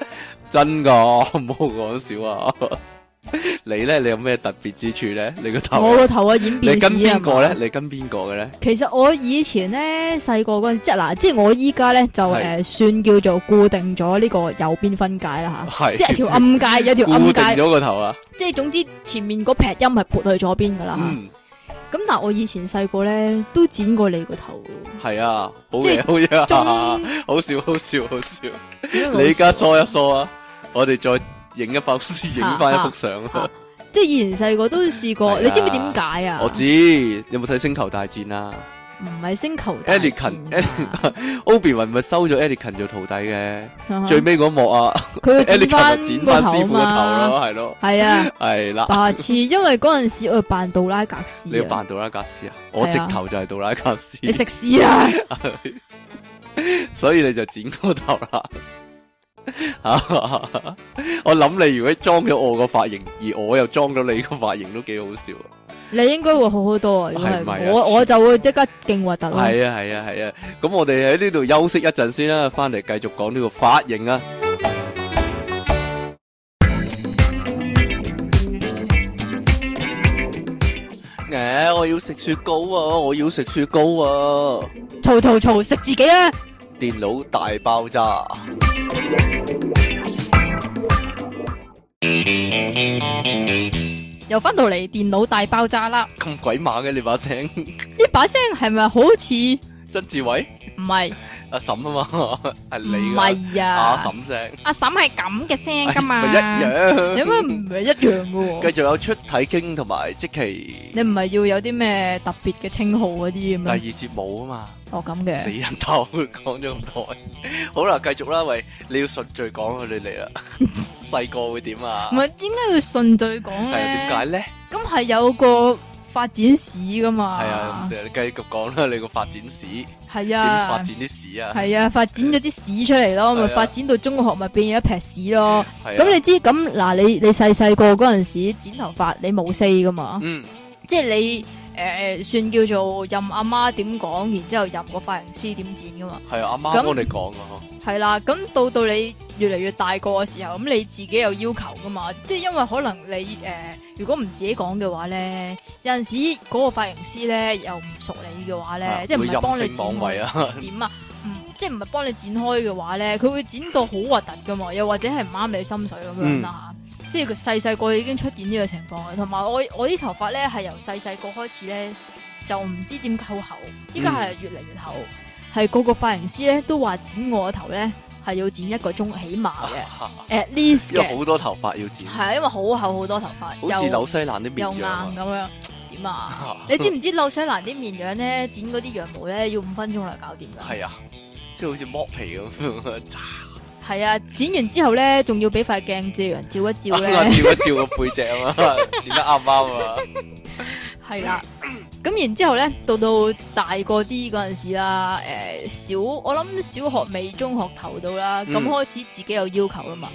真㗎唔好講笑啊！ 你咧，你有咩特別之處咧？你個頭我個頭啊，演變史啊！個咧，你跟邊個嘅咧？其實我以前咧細、那個嗰陣，即係嗱，即係我依家咧就誒、呃，算叫做固定咗呢個右邊分界啦吓，即係條暗界有條暗界。固定咗個頭啊！即係總之前面個劈音係撥去咗邊噶啦咁嗱，嗯、我以前細個咧都剪過你個頭。係啊，好嘅，好嘅、啊，好笑，好笑，好笑！好笑你而家梳一梳啊！我哋再影一幅，影翻一幅相、啊啊啊。即係以前細個都試過、啊，你知唔知點解啊？我知，有冇睇《星球大戰》啊？唔係星球、啊。Elicon，Obi-Wan 咪收咗 Elicon 做徒弟嘅， 最尾嗰幕啊，佢剪翻 剪返師傅個頭咯，係咯。係啊，係啦、啊。下 次，因為嗰陣時我係扮杜拉格斯。你要扮杜拉格斯啊？我直頭就係杜拉格斯、啊。你食屎啊！ 所以你就剪個頭啦。啊！ 我諗你如果裝咗我個髮型，而我又裝咗你個髮型，都幾好笑。你應該會好好多是是啊！真係，我我就會即刻勁核突。係啊係啊係啊！咁、啊啊、我哋喺呢度休息一陣先啦，翻嚟繼續講呢個髮型啊！誒、 哎，我要食雪糕啊！我要食雪糕啊！嘈嘈嘈！食自己啊！電腦大爆炸，又翻到嚟電腦大爆炸啦！咁鬼猛嘅你把聲，呢把聲係咪好似曾志偉？唔係阿嬸啊嘛，係你個阿嬸聲，阿嬸係咁嘅聲噶嘛，一樣有咩唔係一樣嘅？繼續有出體 king 同埋積淇，你唔係要有啲咩特別嘅稱號嗰啲咁？第二節冇啊嘛。哦咁嘅死人頭，講咗咁耐， 好啦，繼續啦，喂，你要順序講佢哋嚟啦。細個 會點啊？唔係，點解要順序講咧？點解咧？咁係有個發展史噶嘛？係啊，你繼續講啦，你個發展史係啊，啊，啊，發展啲史啊，係啊，發展咗啲史出嚟咯，咪發展到中學咪變咗一撇屎咯。咁、啊、你知咁嗱，你你細細個嗰陣時，時剪頭髮，你冇四噶嘛？嗯，即係你。誒，算叫做任阿媽點講，然之後任個髮型師點剪噶嘛？係阿媽幫你講噶嗬。係啦，咁到到你越嚟越大個嘅時候，咁你自己有要求噶嘛？即係因為可能你誒、呃，如果唔自己講嘅話咧，有陣時嗰個髮型師咧又唔熟你嘅話咧，即係唔係幫你點啊、嗯？即係唔係幫你剪開嘅話咧，佢會剪到好核突噶嘛？又或者係唔啱你心水咁樣啊？嗯即係佢細細個已經出現呢個情況，同埋我我啲頭髮咧係由細細個開始咧就唔知點夠厚，依家係越嚟越厚，係、嗯、個個髮型師咧都話剪我個頭咧係要剪一個鐘起碼嘅 ，at least 有好多頭髮要剪。係啊，因為好厚好多頭髮，又紐西蘭啲綿羊咁樣點啊？ 你知唔知紐西蘭啲綿羊咧剪嗰啲羊毛咧要五分鐘嚟搞掂噶？係啊，即係好似剝皮咁。 係啊，剪完之後咧，仲要俾塊鏡借人照一照咧， 照一照個背脊啊嘛， 剪得啱啱啊，係啦。咁然之後咧，到到大個啲嗰陣時啦，誒、呃，小我諗小學未中學頭到啦，咁、嗯、開始自己有要求啊嘛。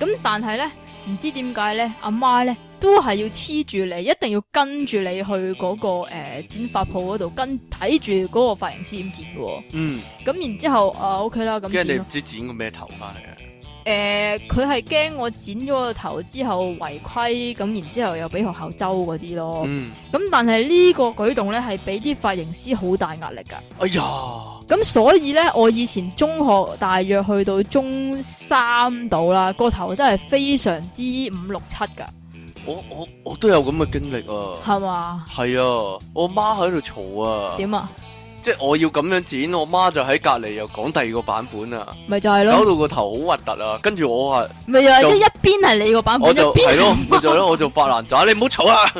咁但係咧，唔知點解咧，阿媽咧。都係要黐住你，一定要跟住你去嗰，那個誒、呃、剪發鋪嗰度跟睇住嗰個髮型師點剪㗎、哦、嗯，咁然之後誒、啊、OK 啦，咁即係你唔知剪個咩頭翻嚟啊？誒、呃，佢係驚我剪咗個頭之後違規，咁然之後又俾學校周嗰啲咯。咁、嗯、但係呢個舉動咧係俾啲髮型師好大壓力噶。哎呀，咁所以咧，我以前中學大約去到中三到啦，個頭真係非常之五六七噶。我我我都有咁嘅經歷啊，係嘛？係啊，我媽喺度嘈啊。點啊？即係我要咁樣剪，我媽就喺隔籬又講第二個版本啊，咪就係咯，搞到個頭好核突啊。跟住我話、啊，咪就即一邊係你個版本，我就係咯，我就咯、啊啊，我就發爛渣、 啊，你唔、啊 啊就是、好嘈啊！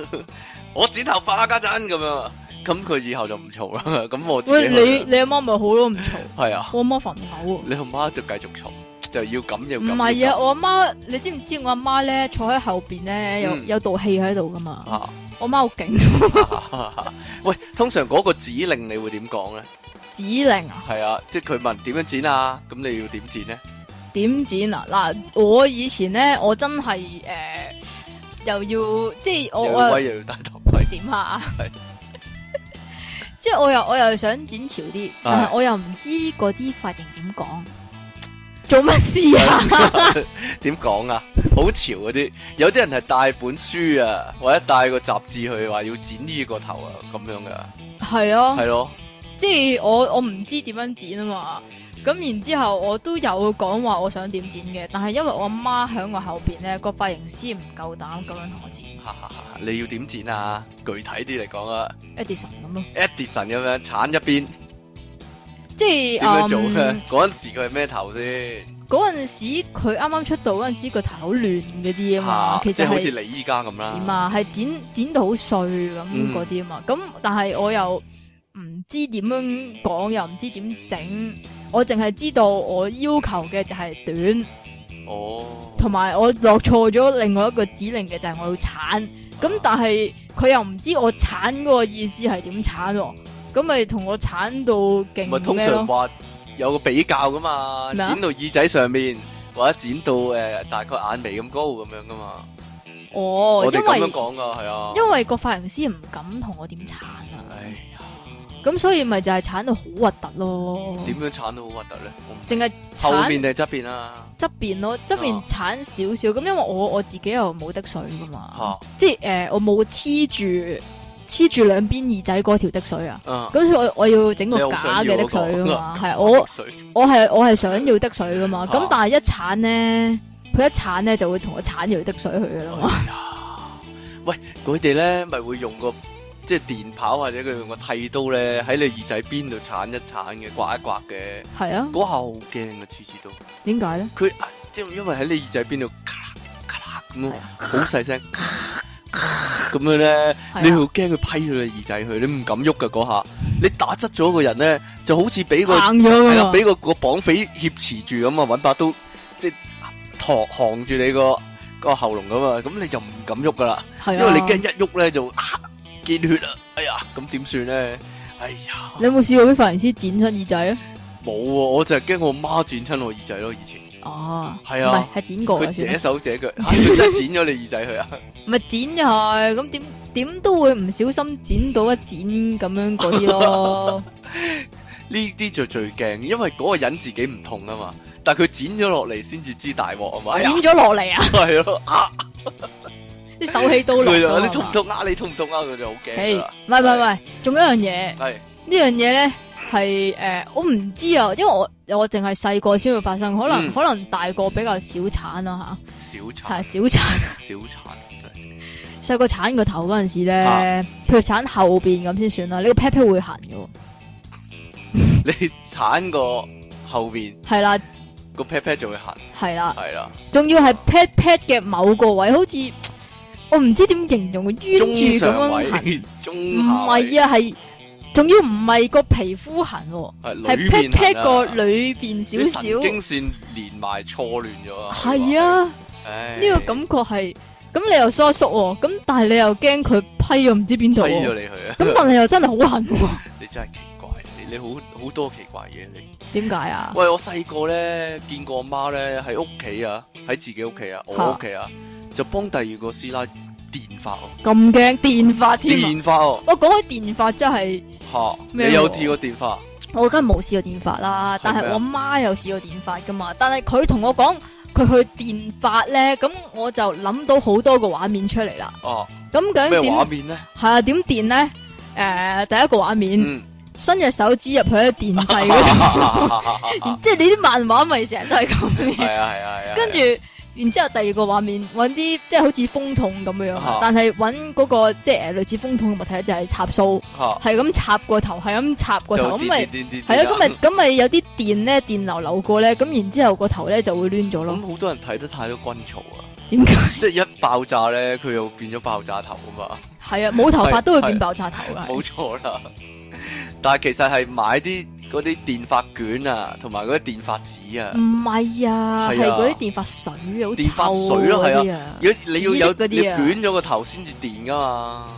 我剪頭髮，家陣咁樣，咁佢以後就唔嘈啦。咁我喂你，你阿媽咪好咯，唔嘈係啊，我阿媽煩唔到。你阿媽就繼續嘈。就要咁樣唔係啊！我阿媽，你知唔知我阿媽咧，坐喺後邊咧，有有道氣喺度噶嘛？我阿媽好勁。喂，通常嗰個指令你會點講咧？指令啊？係啊，即係佢問點樣剪啊？咁你要點剪咧？點剪啊？嗱，我以前咧，我真係誒、呃，又要即係我又我、啊又帶啊、 即係我又要戴頭盔點吓？即係我又我又想剪潮啲，是，但是我又唔知嗰啲髮型點講。做乜事啊？點 講 啊？好潮嗰啲，有啲人係帶本書啊，或者帶個雜誌去，話要剪呢個頭啊，咁樣噶。係咯，哦，係咯，哦，即係我我唔知點樣剪啊嘛。咁然之後我都有講話我想點剪嘅，但係因為我阿媽響我後邊咧，個髮型師唔夠膽咁樣同我剪。啊、你要點剪啊？具體啲嚟講啊，Edison 咁咯，Edison 咁樣鏟一邊。即係點樣做嗰陣、嗯、時佢係咩頭先？嗰陣時佢啱啱出道嗰陣時候很，個頭好亂嗰啲啊嘛，其實好似你依家咁啦。點啊？係剪剪到好碎咁嗰啲啊嘛。咁、嗯、但係我又唔知點樣講，又唔知點整。我淨係知道我要求嘅就係短。哦。同埋我落錯咗另外一個指令嘅就係、是、我要鏟。咁但係佢又唔知我鏟嗰個意思係點鏟。咁咪同我鏟到勁咩咯？通常話有個比較噶嘛、啊，剪到耳仔上面，或者剪到誒、呃、大概眼眉咁高咁樣噶嘛。哦，我咁樣講噶係啊，因為個髮型師唔敢同我點鏟啊。咁、哎、所以咪就係鏟到好核突咯。點樣鏟到好核突咧？淨係後邊定係側邊啊？側邊咯，側邊鏟少少。咁因為我我自己又冇得水噶嘛。啊、即係誒、呃，我冇黐住。黐住兩邊耳仔嗰條滴水啊，咁、嗯、我我要整個假嘅滴水嘛、嗰個嗰個、啊，係我 我係我係想要滴水噶嘛，咁、啊、但係一鏟咧，佢一鏟咧就會同我鏟住滴水去噶啦、哎。喂，佢哋咧咪會用個即係電刨或者佢用個剃刀咧喺你耳仔邊度鏟一鏟嘅，刮一刮嘅。係啊，嗰下好驚啊，次次都。點解咧？佢即係因為喺你耳仔邊度，咔咔咁啊，好細聲。咁 樣咧、啊，你好驚佢批你個耳仔去，你唔敢喐噶嗰下。你打質咗個人咧，就好似俾個，俾個個綁匪挾持住咁啊，揾、啊、把刀即係托行住你個個喉嚨咁啊，咁你就唔敢喐噶啦。係啊，因為你驚一喐咧就、啊、見血啊！哎呀，咁點算咧？哎呀，你有冇試過俾髮型師剪親耳仔啊？冇，我就係驚我媽剪親我耳仔咯，以前。哦，係啊，係係、啊、剪過，佢剪手剪腳，剪咗你耳仔去啊？唔 係剪咗係，咁點點都會唔小心剪到一剪咁樣嗰啲咯。呢啲就最驚，因為嗰個人自己唔痛啊嘛，但係佢剪咗落嚟先至知大鑊啊嘛。剪咗落嚟啊，係、哎、咯，啲手起刀落，你痛唔痛啊？ 你痛唔痛啊？佢 就好驚。唔係唔係唔係，仲有一樣嘢，呢樣嘢咧。係誒、呃，我唔知啊，因為我我淨係細個先會發生，可能、嗯、可能大個比較少鏟啦吓。小鏟係啊，少鏟，少鏟嘅。細、 啊啊嗯那個鏟個頭嗰陣時咧，佢鏟後邊咁先算啦。呢個 pat pat 會痕嘅。你鏟個後邊係啦，個 pat pat 就會痕。係啦，係啦，仲要係 pat pat 嘅某個位，好似我唔知點形容，冤住咁樣唔係啊，係。仲要唔係個皮膚痕，係劈劈個裏邊少少。點點你的神經線連埋錯亂咗啊！係啊，呢、這個感覺係咁，你，你又收縮，咁但係你又驚佢批咗唔知邊度，批咗你去啊！咁但係又真係好痕。 你真係奇怪，你你好好多奇怪嘢。你點解啊？喂，我細個咧，見過阿媽咧喺屋企啊，喺自己屋企啊，我屋企啊，就幫第二個師奶電髮，咁驚電髮添？電髮！我講開電髮真係。你有試過電髮？我梗係冇試過電髮啦，是但係我媽有試過電髮噶嘛？但係佢同我講佢去電髮咧，咁我就諗到好多個畫面出嚟啦。哦、啊，咁究竟點？咩畫面咧？係啊，點電咧？誒、呃，第一個畫面，嗯、伸隻手指入去喺電掣嗰度， 即係你啲漫畫咪成日都係咁樣。係 啊，係啊，係啊。跟住。然之後第二個畫面，揾啲即係好似風筒咁樣、那個就是啊嗯、樣，但係揾嗰個即係誒類似風筒嘅物體就係插梳，係咁插個頭，係咁插個頭，咁咪係啊，咁咪咁咪有啲電咧，電流流過咧，咁然之後個頭咧就會攣咗咯。咁好多人睇得太多乾燥啊？點解？即係一爆炸咧，佢又變咗爆炸頭啊嘛？係啊，冇頭髮都會變爆炸頭噶，冇錯啦。但係其實係買啲。嗰啲電髮卷啊，同埋嗰啲電髮紙啊，唔係啊，係嗰啲電髮水啊，好臭嗰啲啊！如果、啊啊啊、你要有、啊，你要捲咗個頭先至電噶嘛、啊，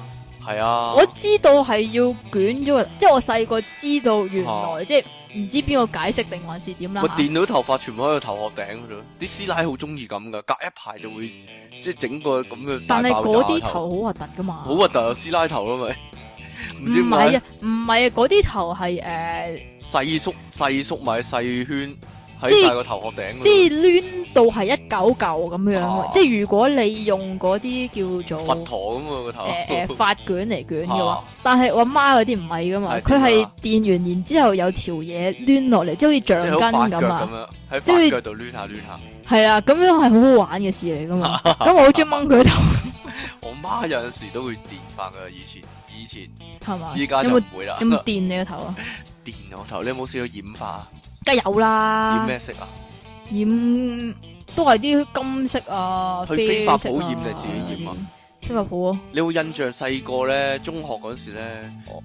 係啊。我知道係要捲咗個，即係我細個知道原來、啊、即係唔知邊個解釋定還是點啦、啊。我電到頭髮全部喺個頭殼頂嗰度，啲師奶好中意咁噶，隔一排就會即係整個咁嘅。但係嗰啲頭好核突噶嘛？好核突啊，有師奶頭咯、啊、咪。 唔 係、呃、啊，唔係啊，嗰啲頭係誒細縮細縮埋細圈喺晒個頭殼頂，即係攣到係一嚿嚿咁樣。即係如果你用嗰啲叫做髮筒咁啊個頭，髮、呃、捲嚟捲嘅話，啊、但係我媽啲唔係噶嘛，佢係電完然之後有條嘢攣落嚟，即係好似橡筋咁、就是、啊，即係髮腳度攣下攣下，係啊，咁樣係好好玩嘅事嚟噶嘛。咁 我好中意掹佢頭。 我媽有陣時都會電髮噶，以前。係嘛？依家就會啦，有冇電你個頭啊？ 電我頭，你有冇試過染髮？梗有啦。染咩色，色、啊、色啊？染都係啲金色啊，啡色啊。去非法保染定自己染啊？非法鋪啊。你會印象細個咧，中學嗰時咧，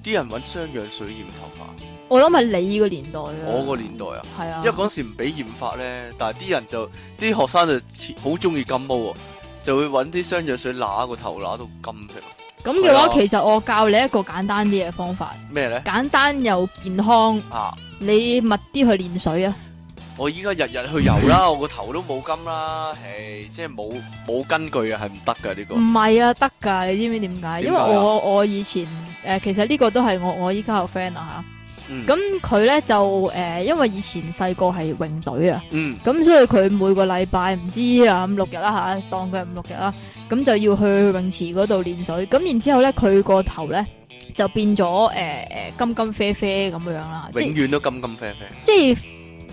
啲、哦、人搵雙氧水染頭髮。我諗係你個年代啦。我個年代啊，係啊。因為嗰時唔俾染髮咧，但係啲人就啲學生就好中意金毛啊，就會搵啲雙氧水乸個頭，乸到金色。咁嘅話，其實我教你一個簡單啲嘅方法。咩咧？簡單又健康。啊！你密啲去練水日日去、 欸這個、啊！我依家日日去游啦，我個頭都冇金啦。即係冇冇根據嘅係唔得㗎。呢個。唔係啊，得㗎，你知唔知點解？因為我我以前誒、呃，其實呢個都係我我依家個 friend 啊吓。咁佢咧就誒、呃，因為以前細、嗯、個係泳隊啊。咁所以佢每個禮拜唔知啊五六日啦吓，當佢係五六日啦。咁就要去泳池嗰度練水，咁然之後咧，佢個頭咧就變咗誒金金啡啡咁樣啦，永遠都金金啡啡。即係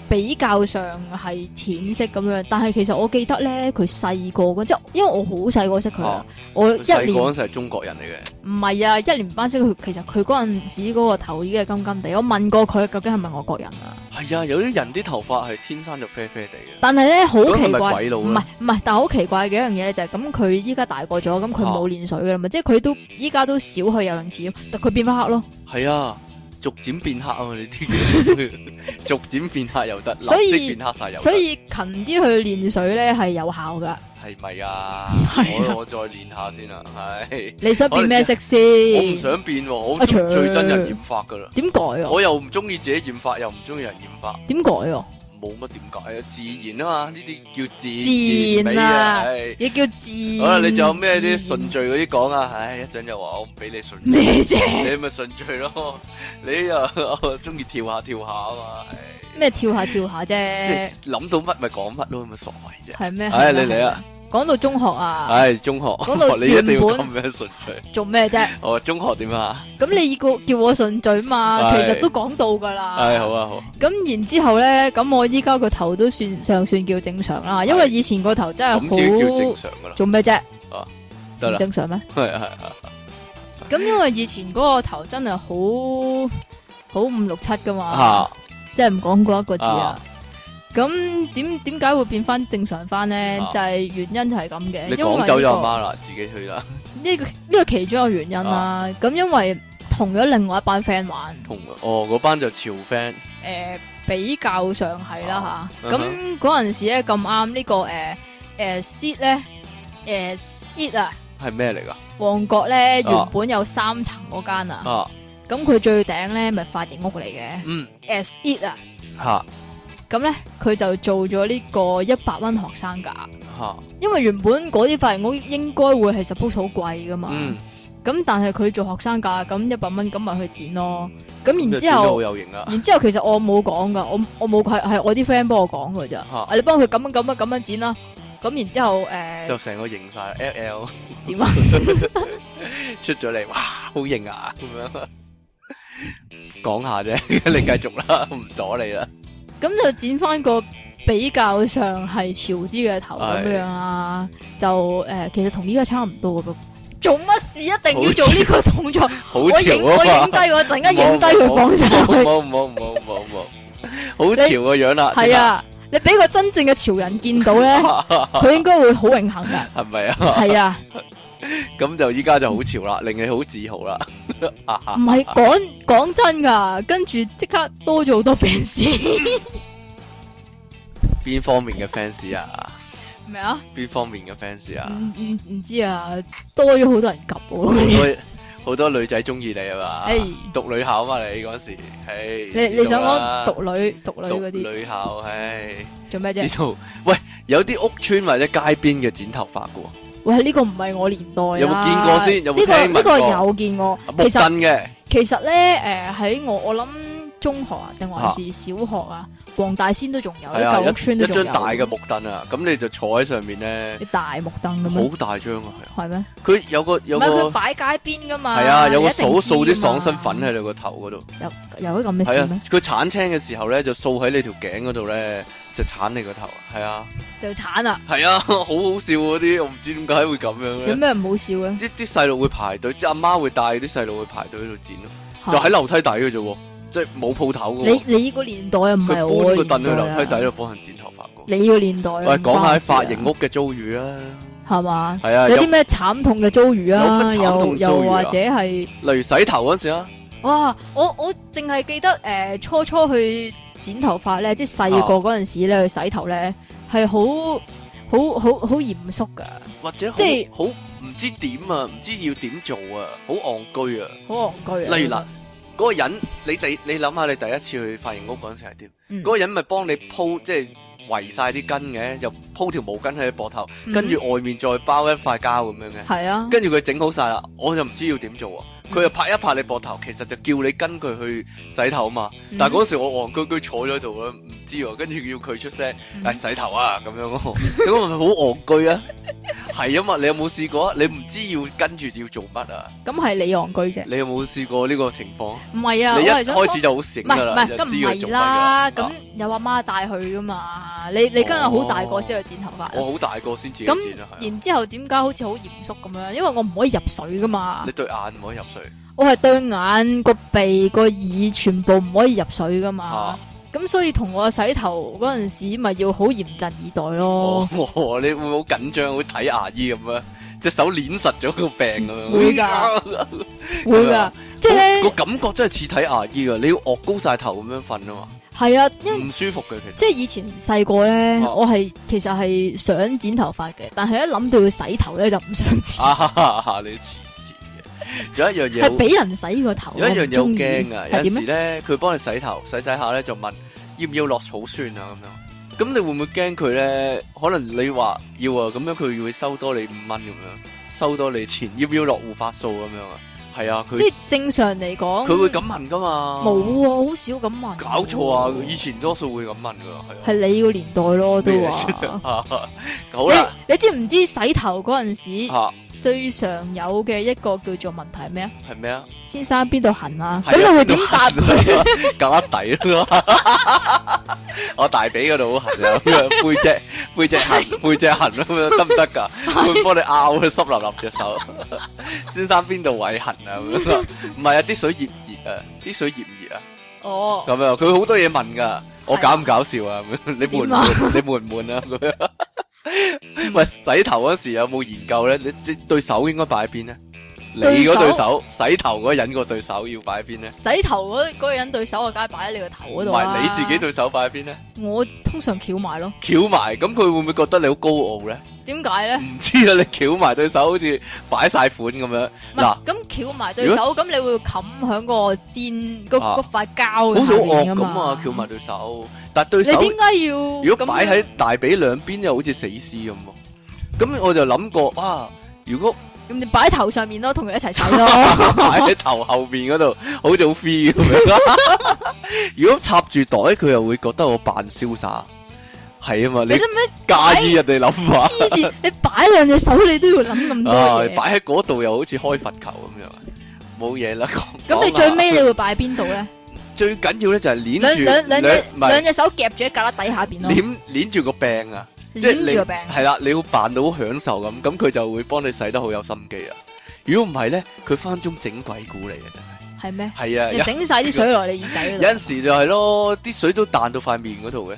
比較上係淺色咁樣，但係其實我記得咧，佢細個嗰即係因為我好細個識佢啊，我一年嗰陣時係中國人嚟嘅。唔係啊，一年班識佢，其實佢嗰陣時嗰個頭已經係金金地，我問過佢究竟係咪外國人啊？係啊，有啲人啲頭髮係天生就啡啡地嘅，但係咧好奇怪，唔係唔係，但係好奇怪嘅一、就是、樣嘢咧就係咁，佢依家大個咗，咁佢冇練水噶啦嘛，即係佢都依家都少去游泳池，但佢變翻黑咯，係啊。逐漸變黑啊嘛！你 啲 逐漸變黑又得，所以即變黑晒又所以勤啲去練水咧係有效噶。係咪啊， 啊？我我再練下先啦。係你想變咩色先？我唔想變，我最憎人染髮噶啦。點改啊？我又唔中意自己染髮，又唔中意人染髮。點改啊？冇乜點解啊？自然啊嘛，呢啲叫自然自然啊，亦叫自然。啊、好啦，你仲有咩啲順序嗰啲講啊？唉，一陣又話我唔俾你順序。咩啫？你咪順序咯，你啊中意跳下跳下啊嘛。咩跳下跳下啫？即係諗到乜咪講乜咯，咁咪傻維啫。係咩？唉，你嚟、就是、啊！講到中學啊，係、哎、中學，講到原本你一定要講咩順序？做咩啫？哦， 中學點啊？咁你叫叫我順序嘛、哎？其實都講到噶啦。係、哎、好啊好。咁然之後咧，咁我依家個頭都算尚算叫正常啦，哎、因為以前個頭真係好。正常噶啦。做咩啫？得、啊、啦。正常咩？係係係。咁因為以前嗰個頭真係好好五六七噶嘛、啊，即係唔講過一個字啊。咁點點解會變翻正常翻咧、啊？就係、是，原因就係咁嘅。你講走你阿媽啦，自己去啦。呢、這個呢、這個其中一個原因啦、啊。咁、啊、因為同咗另外一班 friend 玩。同哦，嗰班就潮 friend。誒、呃，比較上係啦吓。咁嗰陣時咧咁啱呢個誒誒 sit 咧誒 sit 啊。係咩嚟噶？旺角咧、啊、原本有三層嗰間啊。咁、啊、佢、啊、最頂咧咪髮型屋嚟嘅。嗯。As it 啊。吓、啊。咁咧，佢就做咗呢個一百蚊學生價，因為原本嗰啲髮型屋應該會係 suppose 好貴噶嘛。咁、嗯、但係佢做學生價，咁一百蚊咁咪去剪咯。咁、嗯、然之後，又型啊，然之後其實我冇講噶，我我冇係係我啲 friend 幫我講佢咋。你幫佢咁樣咁樣咁樣剪啦。咁然之後誒、呃，就成個型晒。L L 點啊？ 出咗嚟哇，好型啊！咁樣講下啫， 你繼續啦，唔阻你啦。咁就剪翻個比較上係潮啲嘅頭咁樣啊，就誒、呃，其實同依家差唔多嘅。做乜事一定要做呢個動作？我影、啊、我影低我陣間影低佢放上去。冇冇冇冇冇， 好潮個樣啦。係啊，你俾 個真正嘅潮人見到咧，佢應該會好榮幸嘅。係咪啊？係啊。咁 就依家就好潮啦，嗯，令你好自豪啦。 唔係講，講真噶，跟住即刻多咗好多 fans 邊 方面嘅 fans 啊？咩 啊？邊方面嘅 fans 啊？唔唔唔知啊，多咗好多人咁。好多， 多女仔中意你啊嘛？誒、欸，讀女校嘛？你嗰時誒，你、啊、你想講讀女讀女嗰啲女校？誒，做咩啫？呢，喂，有啲屋村或者街邊嘅剪頭髮喎。喂，呢、呢個唔係我年代有冇有見過先？呢有有、呢個呢、呢個有見喎，其實咧，誒喺、呃、我我諗。中學啊，定還是小學啊？啊黃大仙都仲有，啲舊屋村都仲有。一張大嘅木凳啊，咁你就坐喺上面咧。啲大木凳咁樣，好大張啊，係咩、啊？佢有個有佢擺街邊噶嘛？係啊，有個掃掃啲爽身粉喺你個頭嗰度。有有啲咁嘅事咩？佢鏟、啊、青嘅時候咧，就掃喺你條頸嗰度咧，就鏟你個頭。係啊，就鏟啊。係啊，好好笑嗰啲，我唔知點解會咁樣咧。有咩唔好笑咧？啲啲細路會排隊，即阿媽會帶啲細路去排隊喺度剪咯，就喺樓梯底嘅啫。即係冇鋪頭噶嘛，你你依個年代又唔係我依個年代啊，佢搬個凳去樓梯底度幫人剪頭髮。你依個年代，喂，講下啲髮型屋嘅遭遇啊，係嘛？係啊，有啲咩慘痛嘅遭遇啊？有慘痛遭遇啊？又或者係，例如洗頭嗰陣時啊？哇！我我淨係記得誒、呃，初初去剪頭髮咧，即係細個嗰陣時咧去洗頭咧，係好好好好嚴肅噶，或者即係、就是、好唔知點啊，唔知要點做啊，好戇居啊，好戇居啊！例如嗱。啊啊嗰、那個人，你第你諗下，你，想想你第一次去髮型屋嗰陣時係點？嗰、嗯那個人咪幫你鋪，即、就、係、是、圍晒啲筋嘅，又鋪條毛巾喺你膊頭，跟住、嗯、外面再包一塊膠咁樣嘅。係啊，跟住佢整好晒啦，我就唔知要點做啊。佢又拍一拍你膊頭，其實就叫你跟佢去洗頭啊嘛。嗯、但係嗰時我戇居居坐咗度唔知喎。跟住要佢出聲，誒、嗯哎、洗頭啊咁樣咯。咁咪好戇居啊？係啊嘛，你有冇試過你唔知要跟住要做乜啊？咁係你戇居啫。你有冇試過呢個情況？唔係啊，你一開始就好醒噶啦。唔係，唔係啦。咁有阿媽帶佢噶嘛？你你今日好大個先去剪頭髮。我、哦、好、哦、大個先剪。咁、啊，然之後點解好似好嚴肅咁樣？因為我唔可以入水噶嘛。你對眼唔可以入水。我係對眼個鼻個耳全部唔可以入水噶嘛，咁、啊、所以同我洗頭嗰陣時咪要好嚴陣以待咯。哦，哦你會唔會好緊張，會睇牙醫咁樣？隻手捻實咗個病咁樣。會噶、啊，會噶，即係個感覺真係似睇牙醫噶，你要惡高晒頭咁樣瞓啊嘛。係啊，唔舒服嘅、因為、其實。即係以前細個咧，我係其實係想剪頭髮嘅，但係一諗到要洗頭咧，就唔想剪。啊哈哈，你？有一樣嘢，係俾人洗個頭，有一樣嘢好驚噶。有時咧，佢幫你洗頭，洗洗下咧就問要唔要落草酸啊咁樣。咁你會唔會驚佢咧？可能你話要啊，咁樣佢會收多你五蚊咁樣，收多你錢。要唔要落護髮素咁樣啊？係、哦、啊，佢即係正常嚟講，佢會咁問噶嘛？冇啊，好少咁問。搞錯啊！以前多數會咁問噶，係、啊、你個年代咯都，都啊。好啦，你，你知唔知洗頭嗰陣時、啊？最常有嘅一個叫做問題係咩啊？係咩啊？先生邊度痕啊？咁你會點答佢？腳底咯，我大髀嗰度好痕啊，背脊、背脊痕、背脊痕咯，得唔得噶？會幫你拗佢濕立立隻手。先生邊度位痕啊？唔係啊，啲水熱熱啊，啲水熱唔熱啊。哦。咁樣，佢好多嘢問噶，我搞唔搞笑啊？你悶唔悶，你悶唔悶啊？ 喂，洗頭嗰時有冇研究咧？你對手應該擺喺邊咧？對手？對手應該擺喺邊咧？你嗰對手洗頭嗰人個對手要擺喺邊咧？洗頭嗰人對手我擺啊，梗係擺喺你個頭嗰度啦。你自己對手擺喺邊咧？我通常翹埋咯，翹埋。咁佢會唔會覺得你好高傲咧？點解咧？唔知啊！你翹埋對手，好似擺晒款咁樣。嗱，咁翹埋對手，咁你會冚響個箭，個個塊膠。好似好惡咁啊！翹埋、啊、對手，但對手你點解要如果擺喺大髀兩邊，又好似死屍咁。咁我就諗過啊，如果咁你擺喺頭上面咯，同佢一齊洗咯。擺喺頭後邊嗰度，好似好 feel。如果， 如果插住袋，佢又會覺得我扮瀟灑。係啊嘛，你做咩介意人哋諗法？黐線，你擺兩隻手你都要諗咁多嘢。擺喺嗰度又好似開罰球咁樣，冇嘢啦講。咁你最尾你會擺喺邊度咧？最緊要咧就係捻住兩兩兩隻手夾住喺格拉底下邊咯。捻捻住個柄啊！捻住個柄。係啦，你會扮到好享受咁，咁佢就會幫你洗得好有心機啊！如果唔係咧，佢分分鐘整鬼故嚟啊！真係係咩？係啊！整晒啲水落你耳仔嗰度。有陣時就係咯，啲水都彈到塊面嗰度嘅。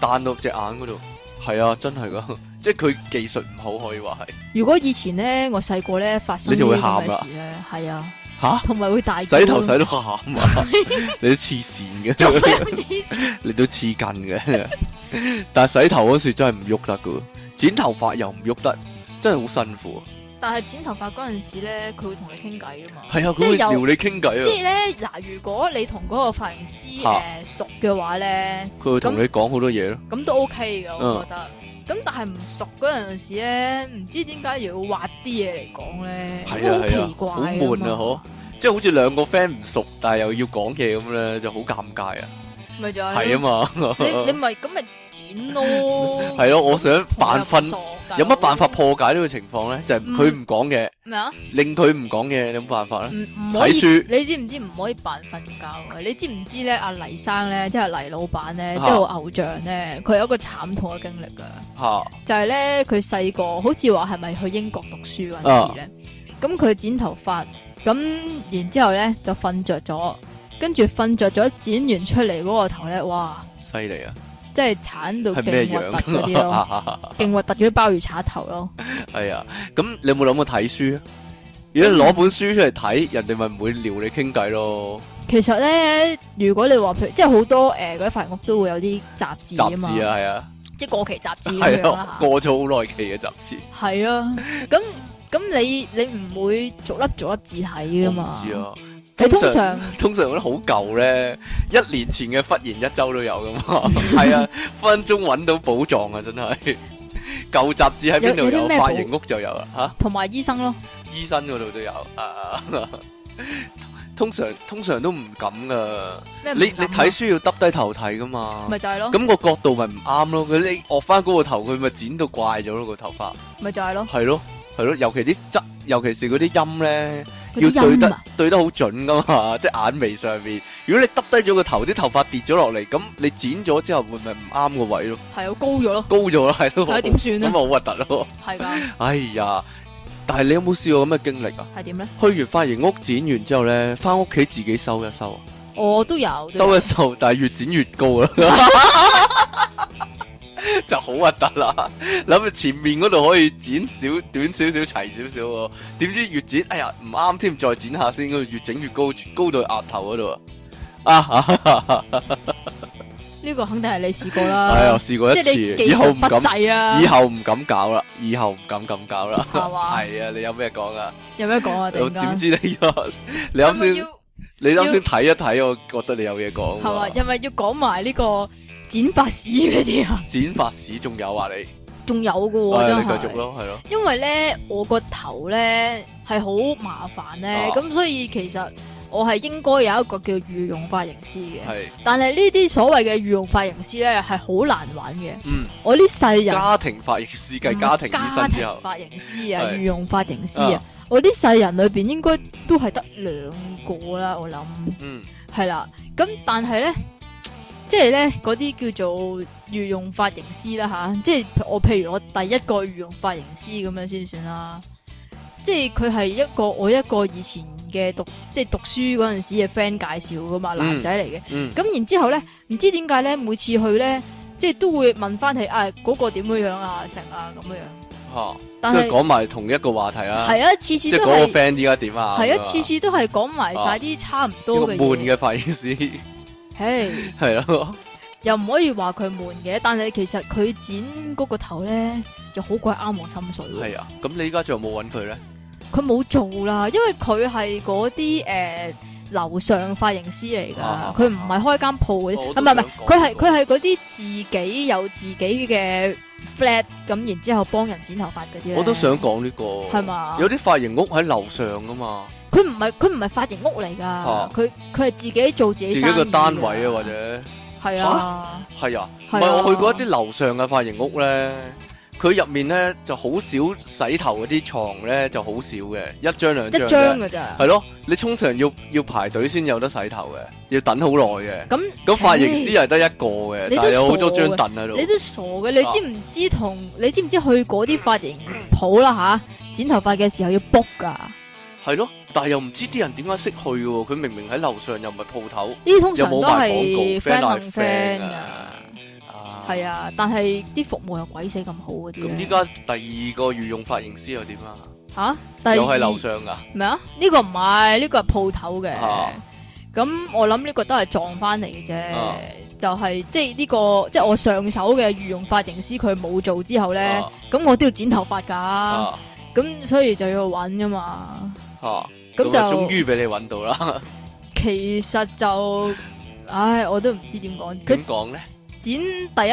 彈到隻眼嗰度，係啊，真係噶，即係佢技術唔好可以話係。如果以前咧，我細個咧發生些些呢你就會喊咧，係啊，嚇，同埋會大洗頭洗到喊啊， 你都黐線嘅， 你都黐筋嘅， 但係洗頭嗰時真係唔喐得嘅，剪頭髮又唔喐得，真係好辛苦。但係剪頭髮嗰陣時咧，佢會同你傾偈啊嘛，係啊，佢會撩你傾偈啊。即係咧嗱，如果你同嗰個髮型師誒、啊呃、熟嘅話咧，佢會同你講好多嘢咯。咁都 OK 嘅，我覺得。咁、嗯、但係唔熟嗰陣時咧，唔知點解又要話啲嘢嚟講咧，係啊，好奇怪係啊，係啊，好啊，好悶啊！嗬，即係好似兩個 friend 唔熟，但係又要講嘢咁咧，就好尷尬啊！係啊嘛，你你咪咁咪剪咯。係 咯 我想扮瞓，有乜辦法破解呢個情況咧？就係佢唔講嘅。咩、嗯、啊？令佢唔講嘢，有冇辦法唔睇、嗯、書，你知唔知唔可以扮瞓覺嘅？你知唔知咧？阿黎生咧，即係黎老闆咧，即係好偶像咧，佢有一個慘痛嘅經歷噶。吓、uh -huh.，就係咧，佢細個好似話係咪去英國讀書嗰陣時咧，咁、uh、佢 -huh. 剪頭髮，咁然之後咧就瞓着咗。跟住瞓着咗，剪完出嚟嗰個頭咧，哇！犀利啊！即係鏟到咩樣嗰啲咯，勁核突嗰啲鮑魚刷頭咯。係啊，咁、 哎、你有冇諗過睇書、嗯？如果攞本書出嚟睇，人哋咪唔會撩你傾偈咯。其實咧，如果你話，即係好多誒嗰啲髮屋都會有啲雜誌啊嘛，係啊，啊，即係過期雜誌咁過咗好耐期嘅雜誌。係啊，咁咁、 啊、你你唔會逐粒逐粒字睇噶嘛？你通常通常都好舊咧，一年前嘅，忽然一周都有㗎嘛。係啊，分鐘揾到寶藏啊，真係。舊雜誌喺邊度有，髮型屋就有啦，吓。同埋醫生咯，醫生嗰度都有啊。通常通常都唔敢噶你你睇書要耷低頭睇噶嘛，咪就係咯。咁個角度咪唔啱咯，佢你臥翻高個頭，佢咪剪到怪咗咯個頭髮，咪就係咯，係咯。係咯，尤其啲側，尤其是嗰啲音咧，要對得對得好準噶嘛，即係眼眉上面。如果你耷低咗個頭，啲頭髮跌咗落嚟，咁你剪咗之後會唔會唔啱個位咯？係啊，高咗咯，高咗啦，係咯，咁啊，點算咧？咁啊，好核突咯，係噶。哎呀，但係你有冇試過咁嘅經歷啊？係點咧？去完髮型屋剪完之後咧，翻屋企自己修一修。我都有修一修，但係越剪越高啦。 就好核突啦！諗住前面嗰度可以剪少短少少齊少少，點知越剪，哎呀唔啱添，再剪下先，度越整越高，高到額頭嗰度啊！呢、啊這個肯定係你試過啦，係、哎、啊，試過一次，啊、以後唔敢，以後唔敢搞啦，以後唔敢咁搞啦，係 啊，你有咩講啊？有咩講啊？點知呢你啱先，你啱先睇一睇，我覺得你有嘢講。係啊，又咪要講埋呢個。剪髮師嗰啲啊， 剪髮師仲有啊你，仲有噶、哎、真係，繼續咯，係咯。因為咧，我個頭咧係好麻煩咧，咁、啊、所以其實我係應該有一個叫御用髮型師嘅，係。但係呢啲所謂嘅御用髮型師咧係好難玩嘅，嗯。我呢世人家庭髮型師嘅家庭醫生之後髮型師啊，是御用髮型師啊，啊我呢世人裏邊應該都係得兩個啦，我諗，嗯，係啦，咁但係咧。即係咧，嗰啲叫做御用髮型師啦吓、啊，即係我譬如我第一個御用髮型師咁樣先算啦。即係佢係一個我一個以前嘅讀，即係讀書嗰陣時嘅 friend 介紹噶嘛，嗯、男仔嚟嘅。咁、嗯、然之後咧，唔知點解咧，每次去咧，即係都會問翻係啊嗰、嗰個點樣樣啊成啊咁樣樣。吓、啊，都係講埋同一個話題啊。係啊，次次都係。即係嗰個 friend 而家點啊？係啊，次次都係講埋晒啲差唔多嘅嘢。悶嘅髮型師。 係係咯，又唔可以話佢悶嘅，但係其實佢剪嗰個頭咧就好鬼啱我心水。係啊，咁你依家仲有冇揾佢咧？佢冇做啦，因為佢係嗰啲誒樓上髮型師嚟噶，佢唔係開間鋪嘅，唔係唔係，佢係佢係嗰啲自己有自己嘅 flat，咁然之後幫人剪頭髮嗰啲。我都想講呢個，係嘛？有啲髮型屋喺樓上噶嘛？佢唔係佢唔係髮型屋嚟噶，佢佢係自己做自己。自己個單位啊，或者係啊，係啊，唔係、啊、我去過一啲樓上嘅髮型屋咧，佢入、啊、面咧就好少洗頭嗰啲床咧就好少嘅，一張兩一張㗎啫。係咯，你通常要要排隊先有得洗頭嘅，要等好耐嘅。咁個髮型師係得一個嘅，但係有好多張凳喺度。你都傻嘅，你知唔知同、啊、你知唔知去嗰啲髮型鋪啦吓？剪頭髮嘅時候要 book 噶，係咯。但係又唔知啲人點解識去喎？佢明明喺樓上又唔係鋪頭，又冇賣廣告，呢啲通常都係，friend and friend 啊，係啊，啊，但係啲服務又鬼死咁好啲。咁依家第二個御用髮型師又點啊？吓、這個，又係樓上噶咩啊？呢個唔係，呢個係鋪頭嘅。咁我諗呢個都係撞翻嚟嘅啫，就係即係呢個即係、就是、我上手嘅御用髮型師，佢冇做之後咧，咁、啊、我都要剪頭髮噶、啊，咁、啊、所以就要去揾吖嘛。哦、啊。咁就終於俾你搵到啦 ！其實就，唉，我都唔知點講點講咧。呢剪第一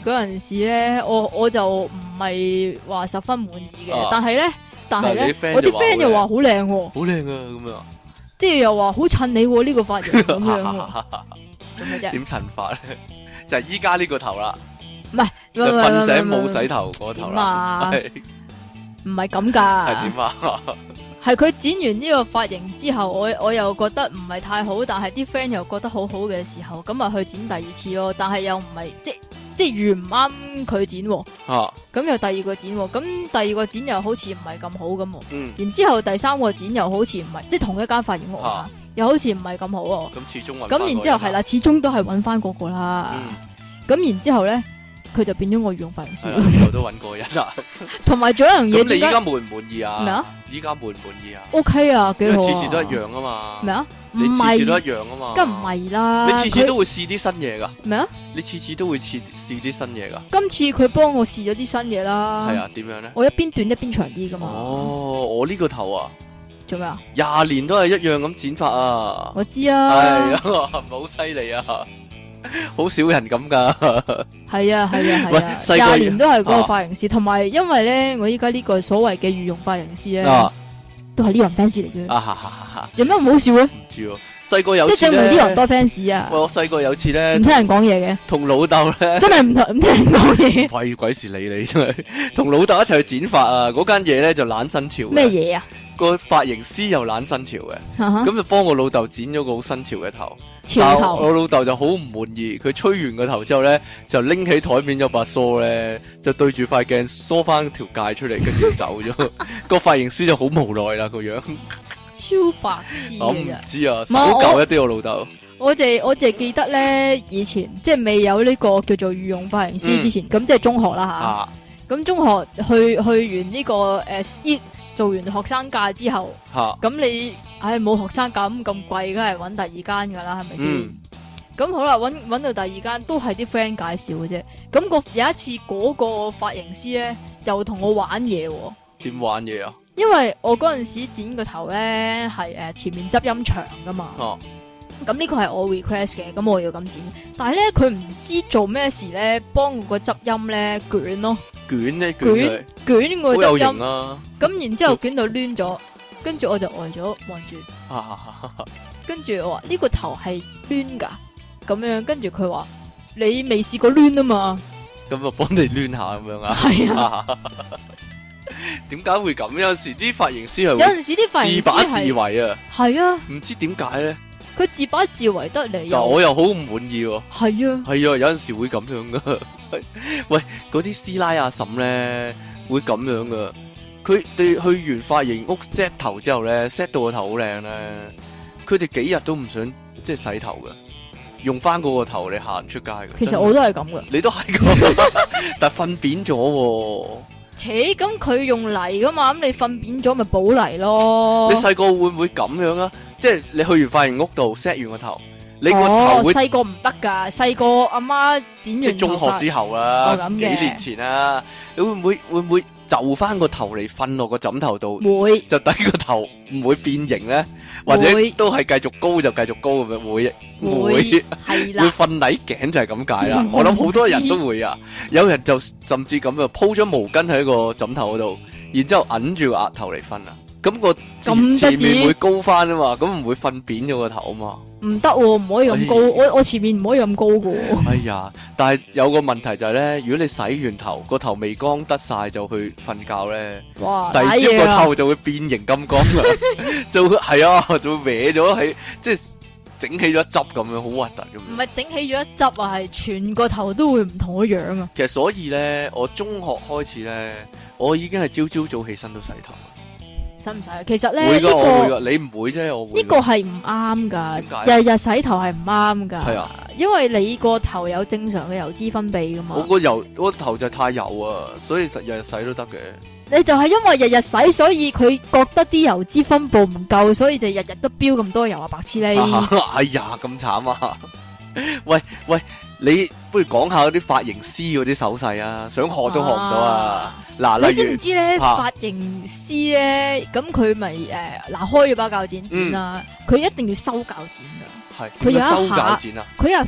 次嗰陣時咧，我我就唔係話十分滿意嘅、啊。但係咧，但係咧，我啲 friend 又話好靚喎，好靚啊！咁啊，即係、就係、又話好襯你呢、啊呢個髮型咁 樣、啊。咁嘅啫。點襯法咧？就係依家呢個頭啦。唔係，就瞓、係、醒冇洗頭嗰頭啦。唔係咁㗎。係點啊？ 樣 係佢剪完呢個髮型之後，我我又覺得唔係太好，但係啲 friend 又覺得好好嘅時候，咁啊去剪第二次咯。但係又唔係即即完唔啱佢剪哦，咁、啊、又第二個剪，咁第二個剪又好似唔係咁好咁。嗯，然之後第三個剪又好似唔係即同一間髮型屋、啊，又好似唔係咁好哦。咁、嗯啊、然之後係啦，始終都係搵翻嗰個啦。咁、嗯、然之後咧。佢就變咗我御用髮型師。我都揾過人啦，同埋仲有一樣嘢。 你依家滿唔滿意啊？咩啊？依家滿唔滿意啊？OK 啊，幾好啊。次次都一樣啊嘛。咩啊？你次次都一樣啊嘛？梗唔係啦。你次次都會試啲新嘢噶。咩啊？你次次都會試試啲新嘢噶、啊。今次佢幫我試咗啲新嘢啦。係啊？點樣咧？我一邊短一邊長啲噶嘛。哦，我呢個頭啊，做咩啊？廿年都係一樣咁剪髮啊。我知啊。係、哎、 啊，好犀利啊！好 少人咁噶，係啊係啊係啊，廿、啊啊、年都係嗰個髮型師，同埋、啊、因為咧，我依家呢個所謂嘅御用髮型師咧，啊、都係呢個人 fans 嚟嘅。啊啊啊、有咩唔好笑咧？唔知哦，細個有即係證明呢個人多 fans 啊！喂我細個有次咧，唔聽人講嘢嘅，同老豆咧，真係唔聽唔聽人講嘢，費鬼事理你，你真係，同老豆一齊去剪髮啊！嗰間嘢咧就懶新潮咩嘢啊？那個髮型師又懶新潮嘅，咁、uh -huh. 就幫我老豆剪咗個好新潮嘅頭。潮頭，我老豆就好唔滿意。佢吹完個頭之後咧，就拎起台面有把梳咧，就對住塊鏡梳翻條界出嚟，跟 住走咗。 個髮型師就好無奈啦個樣，超白痴嘅。我唔知啊，好舊一啲我老豆。我就我就記得咧，以前即係未有呢個叫做御用髮型師之前，咁即係中學啦吓。咁、啊啊、中學去去完呢、這個誒。Uh, 做完學生價之後，咁、啊、你，唉冇學生價咁咁貴，梗係揾第二間噶啦，係咪先？咁、嗯、好啦，揾揾到第二間都係啲 friend 介紹嘅啫。咁、那個有一次嗰個髮型師咧，又同我玩嘢、哦。點玩嘢啊？因為我嗰陣時候剪個頭咧，係誒、呃、前面執音長噶嘛。哦、啊，咁呢個係我 request 嘅，咁我要咁剪。但係咧，佢唔知做咩事咧，幫我個執音咧捲咯。捲呢，捲，捲我就陰啦。咁、啊、然之後，捲到攣咗，跟住我就呆咗，望住。跟 住我話呢、呢個頭係攣噶，咁樣跟住佢話你未試過攣啊嘛。咁就幫你攣下咁樣啊。係啊。點 解會咁？有陣時啲髮型師係有陣時啲髮型師自把自為啊。係啊。唔知點解咧？佢自把自為得嚟。但我又好唔滿意。係啊。係啊，啊，有陣時會咁樣噶。 喂，嗰啲師奶阿嬸咧會咁樣噶，佢哋去完髮型屋 set 頭之後咧 set 到個頭好靚咧，佢哋幾日都唔想即係洗頭噶，用翻嗰個頭你行出街嘅。其實我都係咁噶，你都係咁，那個， 但係瞓扁咗。扯咁佢用泥噶嘛，咁你瞓扁咗咪補泥咯。你細個會唔會咁樣啊？即 係你，即係、你去完髮型屋度 set 完個頭。你個頭會細個唔得噶，細個阿媽剪完即係中學之後啦，幾年前啦，你會唔會會唔會就翻個頭嚟瞓落個枕頭度？會就等個頭唔會變形咧，或者都係繼續高就繼續高咁樣會會會瞓底頸就係咁解啦。我諗好多人都會啊，有人就甚至咁啊鋪張毛巾喺個枕頭嗰度，然之後揞住個額頭嚟瞓啊，咁個前前面會高翻啊嘛，咁唔會瞓扁咗個頭啊嘛。唔得，唔可以咁高，哎、我我前面唔可以咁高噶。哎呀，但係有個問題就係咧，如果你洗完頭個頭未乾得晒就去瞓覺咧，哇！第二朝個頭就會變形金剛 啊，就會係啊，就會歪咗起，即係整起咗一執咁樣，好核突咁。唔係整起咗一執，係全個頭都會唔同嘅樣啊。其實所以咧，我中學開始咧，我已經係朝朝早起身都洗頭了。唔使，其實咧呢個你唔會啫，我呢個係唔啱噶，點解日日洗頭係唔啱噶？係啊，因為你個頭有正常嘅油脂分泌噶嘛。我個油，我個頭就太油啊，所以實日日洗都得嘅。你就係因為日日洗，所以佢覺得啲油脂分布唔夠，所以就日日都飆咁多油啊，白痴你！哎呀，咁慘啊！喂喂，你。不如講下啲髮型師嗰啲手勢啊，想學都學唔到啊！嗱、啊啊，例如，你知唔知咧髮型師咧咁佢咪誒嗱開咗把鉸剪剪啦，佢、嗯、一定要收鉸剪噶，係佢有一下，佢又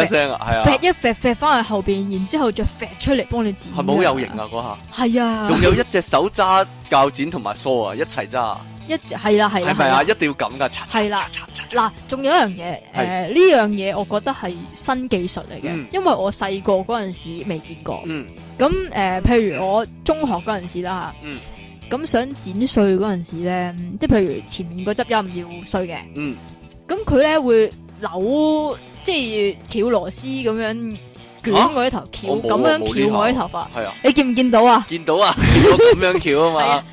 一一聲啊，係啊，一一翻去後邊，然之後再翻出嚟幫你剪，係好有型啊嗰下，係 啊，仲有一隻手揸鉸剪同埋梳啊，一齊揸。一係啦，係啦，係咪啊？一定要咁噶，擦擦。嗱，仲、啊、有一樣嘢，誒，呢、呃、樣嘢我覺得係新技術嚟嘅，因為我細個嗰陣時未見過。嗯，嗯。咁誒、呃，譬如我中學嗰陣時啦吓、嗯。嗯。咁想剪碎嗰陣時咧，即係譬如前面嗰執音要碎嘅。嗯那他呢。咁佢咧會扭，即係撬螺絲咁樣捲、啊、我一、啊、頭，撬咁樣撬我啲頭髮。係啊。你見唔見到啊？見到啊，見到咁樣撬啊嘛。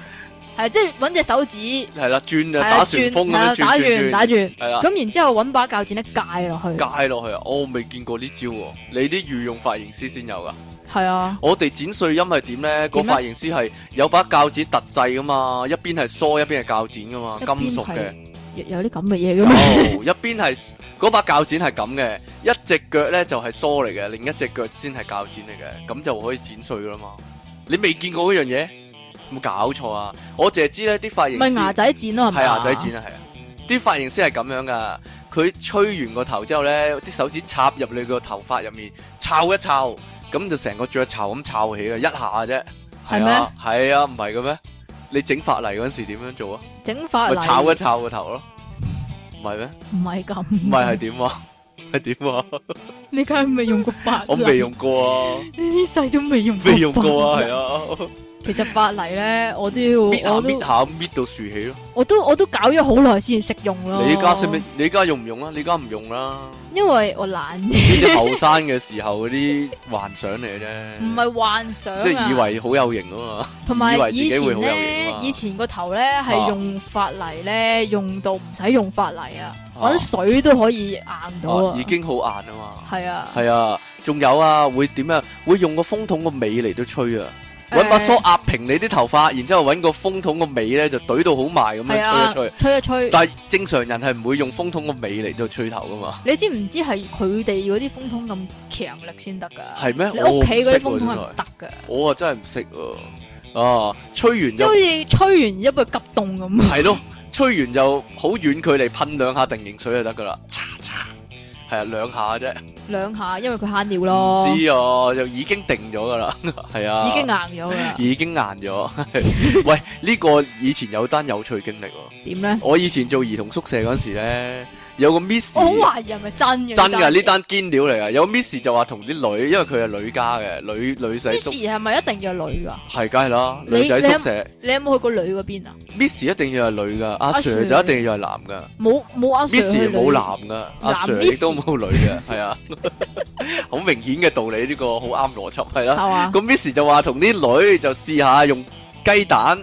係即係搵隻手指，係啦，轉就打旋風咁樣打轉打轉，係啦。咁然之後搵把鉸剪咧界落去，界落去、oh, 啊！我未見過呢招喎，你啲御用髮型師先有噶，係啊。我哋剪碎音係點咧？個髮型師係有把鉸剪特製噶嘛，一邊係梳，一邊係鉸剪噶嘛，金屬嘅。有啲咁嘅嘢噶嘛。一邊係嗰把鉸剪係咁嘅，一隻腳咧就係梳嚟嘅，另一隻腳先係鉸剪嚟嘅，咁就可以剪碎噶啦嘛。你未見過嗰樣嘢？有冇搞錯啊？我淨係知咧啲髮型唔係牙仔剪咯，係牙仔剪啊，係啊！啲髮型師係咁樣噶。佢吹完個頭之後咧，啲手指插入你個頭髮入面，抄一抄，咁就成個雀巢咁抄起啊，一下啫。係咩？係啊，唔係嘅咩？你整髮泥嗰時點樣做啊？整髮泥，抄一抄個頭咯，唔係咩？唔係咁。唔係係點啊？係點啊，啊？你家未用過髮泥啊？ 我未用過啊！呢世都未用過。未用過啊，係啊。 其實髮泥咧，我都要搣下搣到豎起咯。我都，了我，都我都搞咗好耐先識用咯，你而家。你家使你家用唔用啊？你家唔用啦，因為我懶。啲後生嘅時候嗰啲幻想嚟嘅啫。唔係幻想，即係以為好有型啊嘛。同埋以前咧，以，的以前個頭咧係用髮泥咧，啊、用到唔使用髮泥啊，搵，啊、水都可以硬到啊啊，啊、已經好硬啊嘛，係啊嘛。係啊。係啊，仲有啊。會點啊？會用個風筒個尾嚟到吹啊。搵把梳壓平你啲頭髮，然之後搵個風筒個尾咧就懟到好埋咁樣吹一吹，吹一吹。但係正常人係唔會用風筒個尾嚟到吹頭噶嘛？你知唔知係佢哋嗰啲風筒咁強力先得噶？係咩？你屋企嗰啲風筒係唔得噶？我，真我真啊真係唔識哦。哦，吹完即好似吹完一個急凍咁。係咯，吹完就好遠 距離噴兩下定型水就得噶啦。嘆嘆係啊，兩下啫。兩下，因為佢慳尿咯。知啊，就已經定咗噶啦。係啊，已經硬咗已經硬咗。 喂，呢、這個以前有單有趣經歷。點咧？我以前做兒童宿舍嗰時咧。有個 Miss，我好懷疑係咪真嘅？真噶呢單堅料嚟噶！有 Miss 就話同啲女，因為佢係女家嘅女女仔。Miss 係咪一定要係女噶？係，梗係啦。女仔宿舍，你有冇去過女嗰邊啊？Miss 一定要係女噶，阿 Sir 就一定要係男噶。冇冇阿 Sir 去女？Miss 冇男噶，阿 Sir 亦都冇女噶，係啊，好明顯嘅道理，呢個好啱邏輯係啦。係嘛？咁 Miss 就話同啲女就試下用雞蛋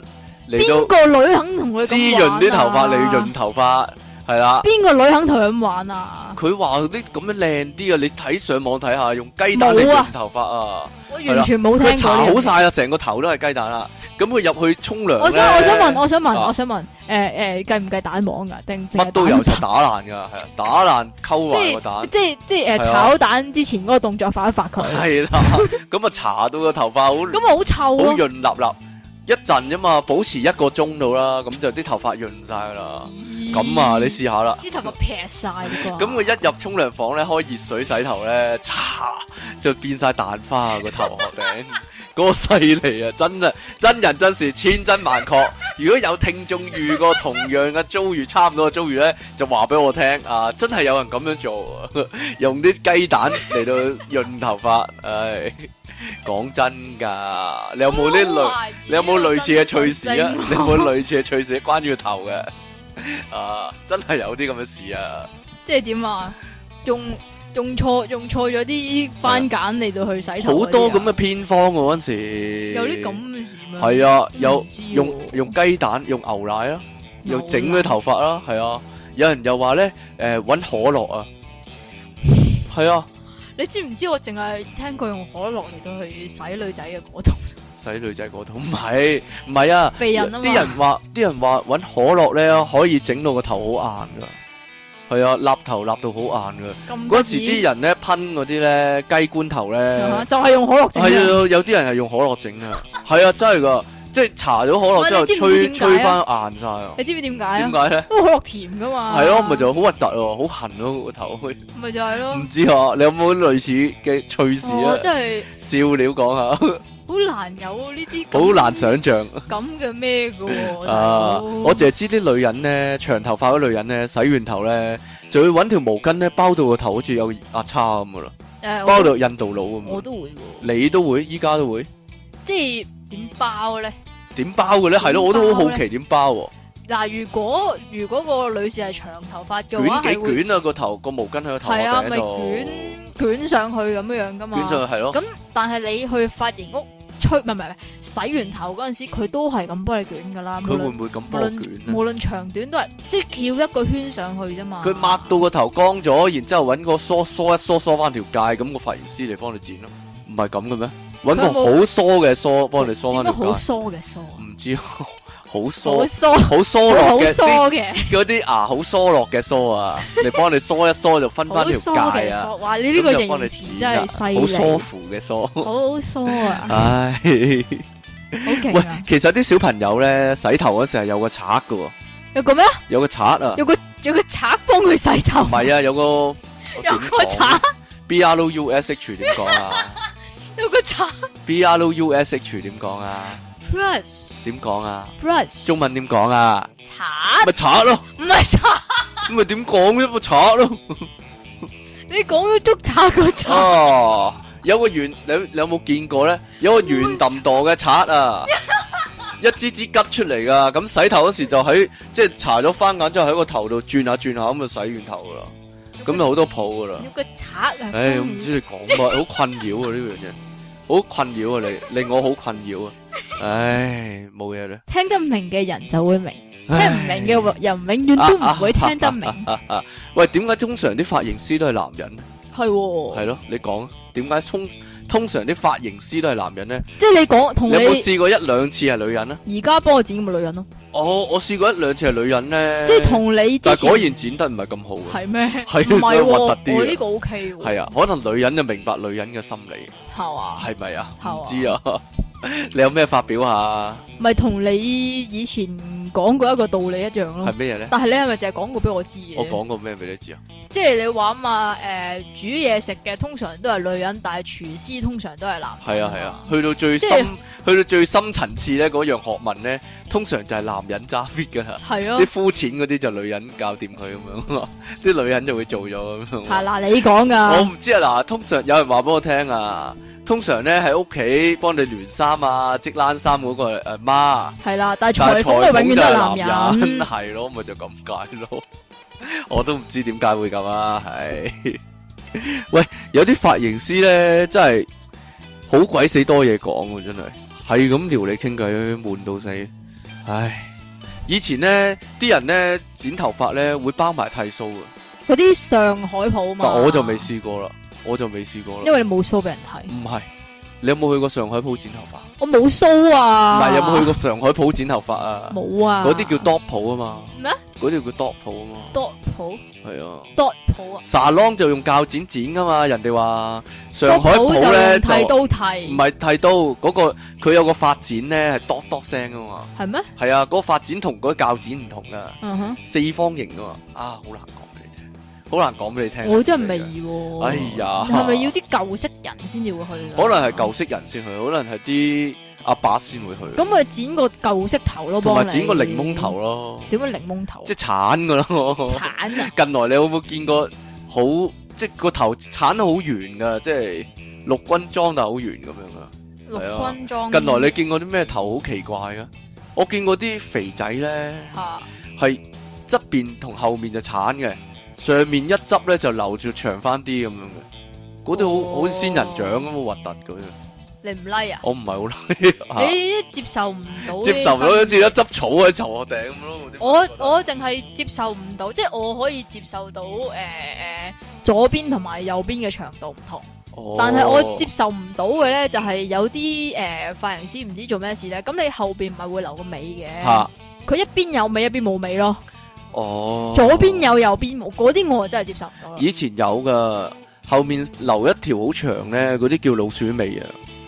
嚟到。個女肯同佢滋潤啲頭髮嚟潤頭髮。係啦、啊，邊個女肯同佢玩啊？佢話啲咁樣靚啲啊！你睇上網睇下，用雞蛋嚟染頭髮啊！我完全冇聽過。搽好晒啊，成個頭都係雞蛋啦。咁佢入去沖涼，我想我想，啊、我想問，我想問我想問，誒、呃、誒，計唔計蛋黃噶，啊？定乜都有就打爛噶，係啊，打爛溝啊！個蛋，即係即係誒、呃、炒蛋之前嗰個動作發一發佢。係啦、啊，咁 啊搽到個頭髮，啊、好，咁啊好臭好潤立立。一陣啫嘛，保持一個鐘到啦，咁就啲頭髮潤晒啦。咁、嗯、啊，你試下啦。啲頭髮劈晒。咁佢一入沖涼房咧，開熱水洗頭咧，擦就變晒蛋花頭頂 個頭殼頂，嗰個犀利啊！真係，真人真事，千真萬確。 如果有聽眾遇過同樣嘅遭遇， 差唔多嘅遭遇咧，就話俾我聽啊！真係有人咁樣做，用啲雞蛋嚟到潤頭髮， 哎講真㗎，你有冇啲類、哦啊？你有冇類似嘅趣事真真啊？你冇有有類似嘅趣事關住頭嘅？ 啊，真係有啲咁嘅事啊！即係點啊？用用錯用錯咗啲番梘嚟到去洗頭好多咁嘅偏方嗰、啊、陣時，有啲咁嘅事咩？係啊，有啊用用雞蛋、用牛奶啦、啊，又整啲頭髮啦、啊，係啊。有人又話咧，誒、呃，搵可樂啊，係 啊。你知唔知我淨係聽過用可樂嚟到去洗女仔嘅嗰套？ 洗女仔嗰度？唔係唔係啊！人啲人話啲人話搵可樂咧可以整到個頭好硬噶，係啊，立頭立到好硬噶。嗰時啲人咧噴嗰啲咧雞冠頭咧，就係、是、用可樂整啊！有有啲人係用可樂整啊，係 啊，真係噶。即係搽咗可樂之後，吹吹翻硬晒啊！你知唔知點解？點解咧？因為可樂甜噶嘛。係咯，咪就好核突咯，好痕咯個頭。咪就係咯。唔知啊，你有冇類似嘅趣事啊、哦？ 我真係笑料講下。好難有呢啲。好難想象咁嘅咩噶？啊！ 我淨係知啲女人咧，長頭髮嗰啲女人咧，洗完頭咧，就會揾條毛巾咧，包到個頭好似有壓差咁噶啦。包到印度佬咁。我都會，會。你都會？依家都會？即係。點包咧？點包嘅咧？係咯，我都好好奇點包喎。嗱、啊，如果如果個女士係長頭髮嘅，捲幾捲啊個頭個毛巾喺個頭度係啊，咪、就是、捲捲上去咁樣樣噶嘛？捲上去係咯。咁但係你去髮型屋吹唔係唔係洗完頭嗰陣時，佢都係咁幫你捲噶啦。佢會唔會咁幫你捲？無論長短都係即係翹一個圈上去啫嘛。佢抹到個頭乾咗，然之後搵個梳梳一梳梳，一梳，梳一梳梳翻條界，咁、那個髮型師嚟幫你剪咯，唔係咁嘅咩？搵個好梳嘅梳，幫你梳翻條。個好梳嘅梳，唔知好梳，好梳，好梳落嘅，嗰啲 啊，好梳落嘅梳啊，你 幫你梳一梳就分翻條界啊！ 哇，你呢個形容真係犀利。好梳扶嘅梳， 好梳啊！唉，喂，其實啲小朋友咧洗頭嗰時係有個賊噶。有個咩？有個賊啊！有個有個賊幫佢洗頭。唔係啊，有個說有個賊。B R O U S H 點講啊？ 有個擦 ，B R O U S H 點講啊？p r u s h 點講啊？p r u s h 中文點講啊？擦咪擦咯，唔係擦，咁咪點講啫？ 個擦咯，你講咗捉擦個擦哦！有個圓，你你有冇見過咧？有個圓揼氹嘅擦啊， 一支支吉出嚟噶，咁洗頭嗰時候就喺即係搽咗番梘之後喺個頭度轉下轉下咁就洗完頭噶啦，咁就好多泡噶啦。有個擦、欸 哦這個、啊，唉，唔知你講乜，好困擾啊呢樣嘢。好困擾啊，你令我好困擾啊，唉，冇嘢啦。聽得明嘅人就會明，唉，聽唔明嘅人永遠都唔會聽得明，啊啊啊啊啊啊。喂，點解通常啲髮型師都係男人？係係咯，你講點解通通常啲髮型師都係男人咧？即係你講同你有冇試過一兩次係女人咧？而家幫我剪嘅女人咯？哦，我試過一兩次係女人咧，即係同你，但係果然剪得唔係咁好。係咩？唔係喎，我呢個 O K 嘅。係啊，可能女人就明白女人嘅心理。係啊，係咪啊？唔知啊。你有咩發表下？咪同你以前講過一個道理一樣咯。係咩嘢咧？但係你係咪淨係講過俾我知嘅？我講過咩俾你知啊？即係你話啊嘛？誒、嗯呃，煮嘢食嘅通常都係女人，但係廚師通常都係男人。係啊係啊,啊，去到最深，就是、去到最深層次咧，嗰樣學問咧，通常就係男人揸 fit 噶啦。係咯，啲膚淺嗰啲就女人教掂佢咁樣啲女人就會做咗咁樣。係 嗱、啊，你講噶。我唔知啊，嗱，通常有人話俾我聽啊。通常咧，喺屋企幫你聯衫啊、織冷衫嗰個阿媽係啦，但係裁縫佢永遠都係男人，係咯，咪就咁解咯。我都唔知點解會咁啊，係。喂，有啲髮型師咧，真係好鬼死多嘢講啊，真係係咁撩你傾偈，悶到死。唉，以前咧啲人咧剪頭髮咧會包埋剃鬚啊，嗰啲上海鋪嘛。但我就未試過啦。我就未試過啦，因為你冇梳俾人睇。唔係，你有冇去過上海鋪剪頭髮？我冇梳啊。唔係，有冇去過上海鋪剪頭髮啊？冇啊。嗰啲叫 do 普啊嘛。咩？嗰啲叫 do 普啊嘛。do 普係啊。do 普啊。沙 n 就用鉸剪剪噶嘛，人哋話上海鋪咧就剃刀剃，唔係剃刀嗰、那個佢有個髮剪咧係多 o do 聲噶嘛。係咩？係啊，嗰、那個髮剪，個剪同嗰啲鉸剪唔同啊。嗯、哼。四方形噶嘛。啊，好難講。好難講俾你聽，我真係未喎。哎呀，係咪要啲舊式人先至會去，才去？可能係舊式人先去，可能係啲阿伯先會去。咁咪剪個舊式頭咯，同埋剪個檸檬頭咯。點解檸檬頭？即係鏟噶咯。鏟啊！ 近來你有冇見過好即係個頭鏟得好圓噶？即係陸軍裝得好圓咁樣啊？陸軍裝。近來你見過啲咩頭好奇怪啊？我見過啲肥仔咧，係側邊同後面就鏟嘅。上面一執咧就留住長翻啲咁樣嘅，嗰啲好好仙人掌咁核突嘅。你唔 like 啊？我唔係好 like 你接受唔到？接受到好似一執草喺頭頂咁咯。我我淨係接受唔到、嗯，即係我可以接受到誒誒、呃呃、左邊同埋右邊嘅長度唔同，哦、但係我接受唔到嘅咧就係有啲誒髮型師唔知做咩事咧。咁你後邊唔係會留個尾嘅？佢一邊有尾一邊冇尾咯。哦、oh,，左邊有，右邊冇，嗰啲我真係接受唔到。以前有噶，後面留一條好長咧，嗰啲叫老鼠尾啊。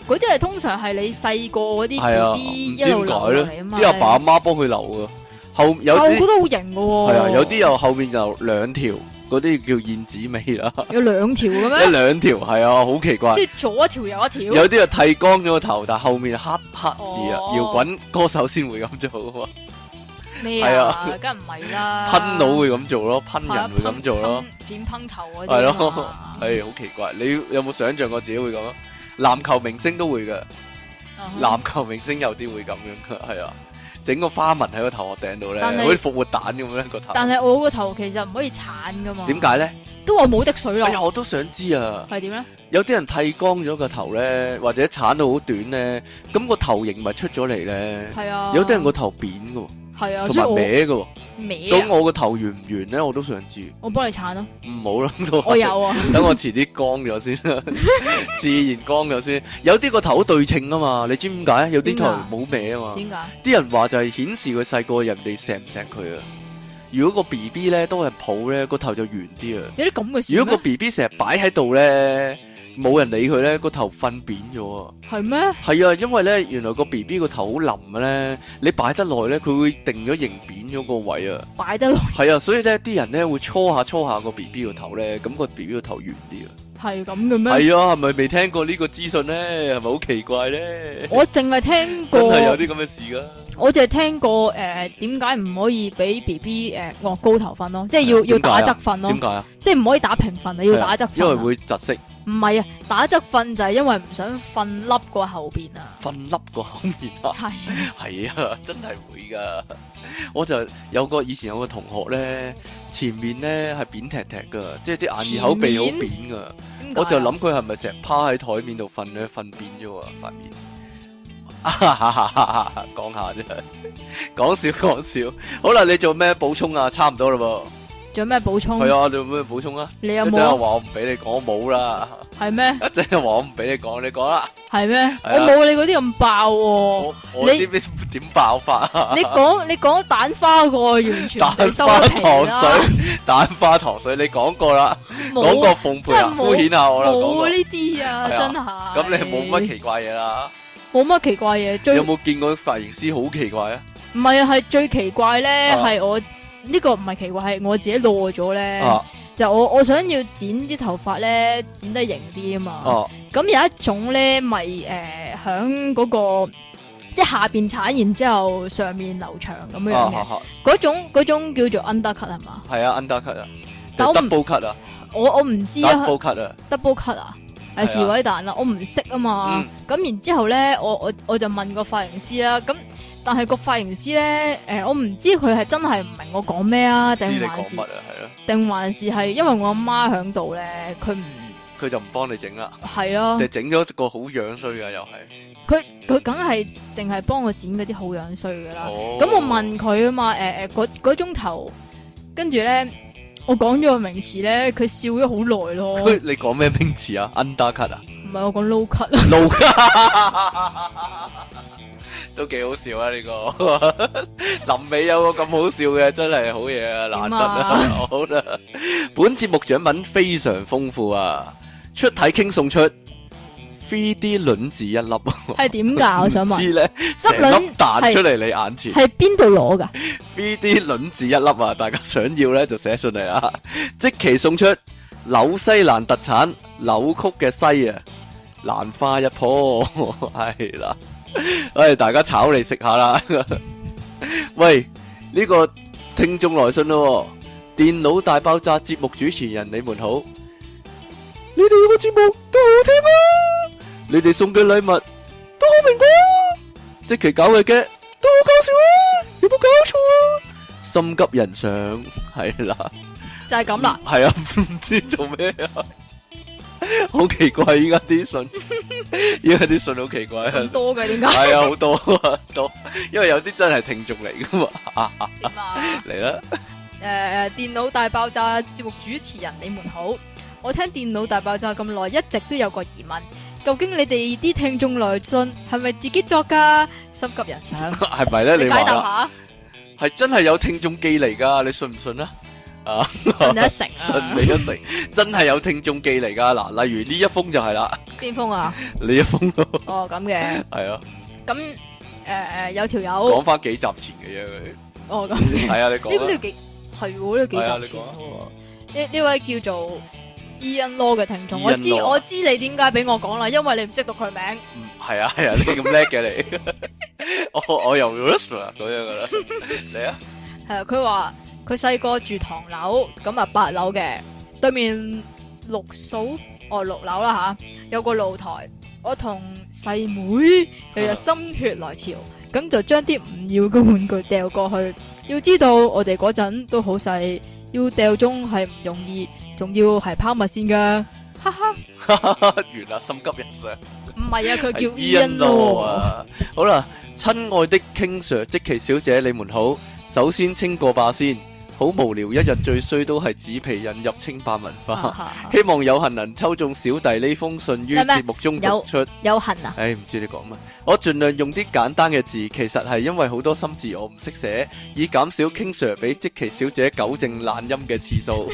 嗰啲係通常係你細個嗰啲 B B，唔知點解咧？啲阿爸阿媽幫佢留噶，後有些。我覺得好型嘅。係啊，有啲又後面又兩條，嗰啲叫燕子尾 啊。有兩條嘅咩？一兩條係啊，好奇怪。即係左一條，右一條。有啲係剃光咗個頭，但係後面黑黑字啊，oh. 搖滾歌手先會咁做啊。咩？係啊，梗唔係啦！噴腦會咁做，噴會做、啊、噴噴噴噴咯，噴人會咁做咯，剪噴頭嗰啲係咯，係好奇怪。你有冇想象過自己會咁？籃球明星都會嘅，籃、uh -huh. 球明星有啲會咁樣嘅，係啊。整個花紋喺個頭殼頂度咧，好似復活蛋咁樣個頭。但係我個頭其實唔可以鏟噶嘛？點解咧？都話冇滴水啦。哎呀，我都想知啊。係點咧？有啲人剃光咗個頭咧，或者鏟到好短咧，咁個頭型咪出咗嚟咧？係啊。有啲人個頭扁噶。係啊，同埋歪嘅，喎。咁、啊、我個頭圓唔圓咧？我都想知。我幫你鏟咯。唔好啦，我有啊。等我遲啲乾咗先啦， 自然乾咗先。有啲個頭對稱啊嘛，你知唔知點解？有啲頭冇歪啊嘛。點解？啲人話就係顯示佢細個人哋錫唔錫佢啊。如果個 B B 咧都係抱咧，個頭就圓啲啊。有啲咁嘅事。如果個 B B 成日擺喺度咧，冇人理佢咧，個頭瞓扁咗。係咩？係啊，因為咧，原來個 B B 個頭好冧嘅咧，你擺得耐咧，佢會定咗形扁咗個位啊。擺得耐。係啊，所以咧，啲人咧會搓下搓下個 B B 個頭咧，咁個 B B 個頭圓啲啊。係咁嘅咩？係啊，係咪未聽過這個資訊呢個資訊咧？係咪好奇怪咧？ 我淨係聽過， 真係有啲咁嘅事噶。我淨係聽過誒，點解唔可以俾 B B 誒、呃哦、高頭瞓咯？即係要、啊、要打側瞓咯？點解啊？即係唔可以打平瞓啊？要打側瞓，因為會窒息。唔係啊，打側瞓就係因為唔想瞓粒過後邊啊。瞓凹過後邊啊，係係啊， 啊，真係會噶。我就有個以前有個同學咧，前面咧係扁踢踢噶，即係啲眼耳口鼻好扁噶，我就諗佢係咪成日趴喺台面度瞓咧瞓扁啫喎，瞓扁，哈哈，講 下啫，講笑講笑，笑 好啦，你做咩補充啊？差唔多咯噃。仲有咩補充？係啊，仲有咩補充啊？你有冇啊？即係話我唔俾你講，冇啦。係咩？即係話我唔俾你講，你講啦。係咩？我冇你嗰啲咁爆。你點爆發啊？你講你講蛋花個完全收皮啦。蛋花糖水，蛋花糖水，你講過啦，講過奉陪啊，敷衍下我啦。冇呢啲啊，真係。咁你冇乜奇怪嘢啦。冇乜奇怪嘢。有冇見過髮型師好奇怪啊？唔係啊，係最奇怪咧，係我。呢、呢個唔係奇怪，係我自己落咗咧，就我我想要剪啲頭髮咧，剪得型啲啊嘛。咁、啊、有一種咧，咪誒響嗰個即係下邊鏟，然之後上面留長咁樣嗰、啊啊啊、種種叫做 undercut 係嘛？係啊，undercut 啊，double cut 啊。我我唔知啊。double cut 啊。double cut 啊，是蛋、啊啊、我唔識啊嘛。咁、嗯、然之後咧，我我我就問個髮型師啦，咁。但係個髮型師咧，誒、呃，我唔知佢係真係唔明我講咩啊，定還是，定還是係因為我阿媽喺度咧，佢唔，佢就唔幫你整啦、啊，係咯，就整咗個好樣衰啊又係，佢佢梗係淨係幫我剪嗰啲好樣衰噶啦，咁、oh. 我問佢啊嘛，誒、呃、誒、嗰、嗰個鐘頭，跟住咧，我講咗個名詞咧，佢笑咗好耐咯，你講咩名詞啊？undercut 啊，唔係我講 low cut，low cut。 low cut 都幾好笑啊！呢個臨尾有個咁好笑嘅，真係好嘢啊，難得啊！好啦，本節目獎品非常豐富啊，出體 King 送出 3D 卵子一粒，係點噶？我想問。唔知咧，粒卵彈出嚟你眼前。係邊度攞噶？3D 卵子一粒啊！大家想要咧就寫出嚟啊！積淇送出紐西蘭特產扭曲嘅西啊，蘭花一棵，係啦。哎，大家炒嚟食下啦！喂，呢個聽眾來信咯，電腦大爆炸節目主持人，你們好，你哋個節目都好聽啊，你哋送嘅禮物都好明啊，即其搞嘅 gag 都好搞笑啊，有冇搞錯啊？心急人上係啦，就係咁啦，係啊，唔知做咩啊？好奇怪，依家啲信，依家啲信好奇怪，多嘅？點解係啊，好 多啊，多，因為有啲真係聽眾嚟噶嘛，啊啊，嚟啦，誒、呃、誒，電腦大爆炸節目主持人，你們好，我聽電腦大爆炸咁耐，一直都有個疑問，究竟你哋啲聽眾來信係咪自己作噶心急人想，係咪咧？你解答下，係真係有聽眾寄嚟噶，你信唔信啊？啊！信你一成，信 你一成，真係有聽眾寄嚟噶嗱，例如呢一封就係啦，邊封啊？呢 一封咯，啊。哦，咁嘅。係 啊。咁誒誒，有條友。講翻幾集前嘅嘢，啊。哦，咁。係、 哎這個哦這個哎，啊，你講。呢個都幾係，呢個幾集你講呢，呢位叫做 Ian Law 嘅聽眾，Ian、我知、Law? 我知你點解俾我講啦，因為你唔識讀佢名。唔、嗯、係、哎哎、啊，係 你 來啊，你咁叻嘅你。我我用 Russ 啊咁樣噶啦，你啊。係啊，佢話。佢細個住唐樓，咁啊八樓嘅對面六嫂，哦六樓啦吓，有個露台。我同細妹日日心血來潮，咁就將啲唔要嘅玩具掉過去。要知道我哋嗰陣都好細，要掉中係唔容易，仲要係拋物線噶，哈哈， 原來心急人相。唔係啊，佢叫伊恩咯。 好啦，親愛的 King Sir 積淇小姐，你們好，首先清個霸先。好無聊一日，最衰都係紙皮引入清白文化，啊啊。希望有幸能抽中小弟呢封信於節目中讀出有。有幸啊！唉、哎，唔知你講乜，我盡量用啲簡單嘅字。其實係因為好多心字我唔識寫，以減少 King Sir 俾積淇小姐糾正懶音嘅次數。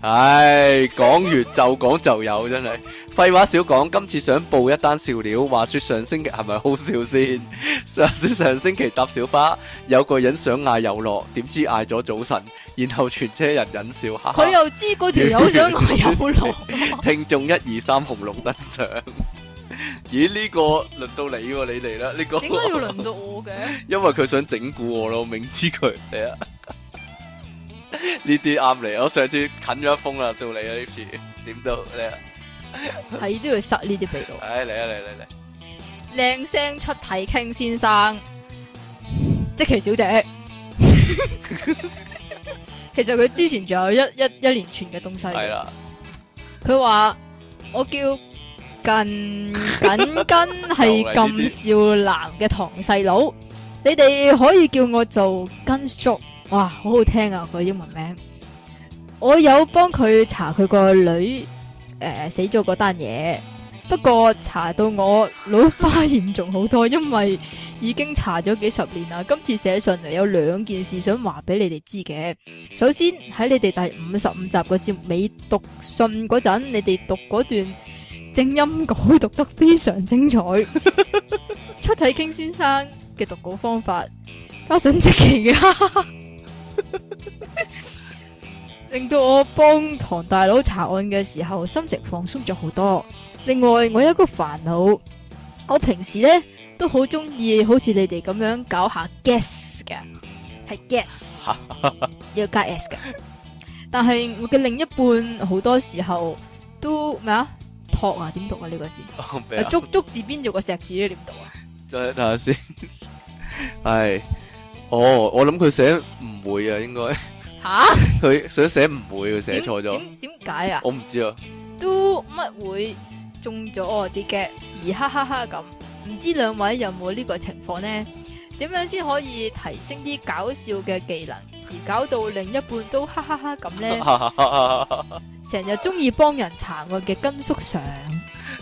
唉、 哎，講完就講就有，真係。 廢話少講，今次想報一單笑料。話說上星期係咪好笑先？上上星期搭小巴，有個人想嗌有落，點知嗌咗早晨，然後全車人忍笑。佢又知嗰條友想嗌有落。 聽眾一二三，紅綠燈上。 咦？呢、這個輪到你，你嚟啦！呢、這個應該要輪到我嘅， 因為佢想整蠱我咯，我明知佢你啊。呢啲啱嚟，我上次近咗一封啦，到你呢、這個、次點到你啊？喺 都要塞呢啲味道。哎，嚟啊嚟嚟嚟！靚、啊啊、聲出體 King，先生， 即積淇小姐。 其實佢之前仲有一 一一連串嘅東西。係啦，佢話我叫近緊跟係金少男嘅堂細佬， 你哋可以叫我做根叔。哇，好好聽啊！佢、那個、英文名，我有幫佢查佢個女。誒、呃，死咗嗰單嘢，不過查到我老花嚴重好多， 因為已經查咗幾十年啦。今次寫信啊，有兩件事想話俾你哋知嘅。首先喺你哋第五十五集嘅節目尾讀信嗰陣，你哋讀嗰段正音稿讀得非常精彩， 出體 king 先生嘅讀稿方法，加上積淇嘅。 令到我幫唐大佬查案嘅時候，心情放鬆咗好多。另外，我有一個煩惱，我平時咧都好中意好似你哋咁樣搞下 guess 嘅，係 guess 要加 s 嘅。但係我嘅另一半好多時候都咩啊？托啊？點讀啊？呢個字？竹竹字邊做個石字咧？點讀啊？再睇下先。係，哦，我諗佢寫唔會啊，應該。吓，佢想寫唔會，佢寫錯咗。點點解啊？我唔知啊。都乜會中咗我啲 gag 而，哈哈哈咁？唔知兩位有冇呢個情況呢？點樣先可以提升啲搞笑嘅技能而搞到另一半都哈哈哈咁呢？成日中意幫人查我嘅根叔相。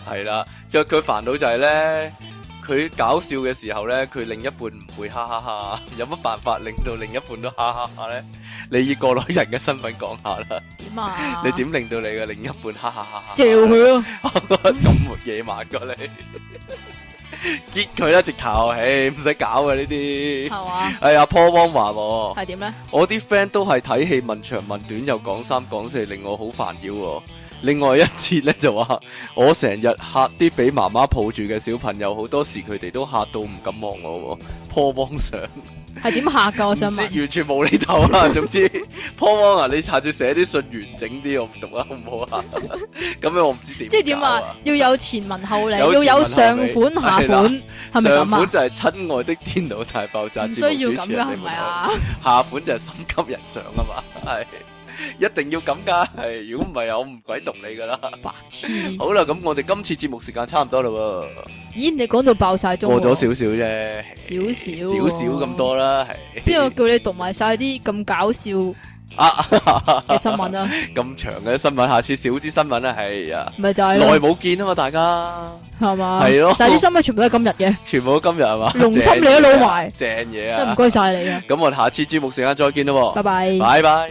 係啦，即係佢煩惱就係咧。佢搞笑嘅時候咧，佢另一半唔會哈哈哈，有乜辦法令到另一半都哈哈哈咧？你以過來人嘅身份講下啦，點啊？你點令到你嘅另一半哈哈哈？照佢咯，咁夜晚過你？揭佢啦，直頭，嘿，唔使搞啊呢啲，係嘛？哎呀，破風話喎，係點咧？我啲 friend 都係睇戲問長問短又講三講四，令我好煩擾喎。另外一次咧就話，我成日嚇啲俾媽媽抱住嘅小朋友，好多時佢哋都嚇到唔敢望我喎，破妄相？係點嚇噶？我想知完全冇厘頭啦，啊。 總之，破 妄啊！你下次寫啲信完整啲我唔讀啊，好唔好啊？咁 樣我唔知點，啊。即係點話？要有前文後理， 要有上款下款，係咪啊？上款就係親愛的電腦大爆炸，唔需要咁嘅係咪啊？下款就係心急人上啊嘛，一定要咁噶，係如果唔係我唔鬼讀你噶啦，白痴。好啦，咁我哋今次節目時間差唔多啦喎。咦，你講到爆晒鐘，過咗少少啫，少少少少咁多啦，係。邊個叫你讀埋晒啲咁搞笑嘅新聞啊？咁長嘅新聞，下次少啲新聞啦，係啊。咪就係，耐冇見啊嘛，大家係嘛？係咯，但係啲新聞全部都係今日嘅，全部都今日係嘛？龍心你都老埋，正嘢啊！唔該晒你啊。咁我下次節目時間再見啦，拜拜，拜拜。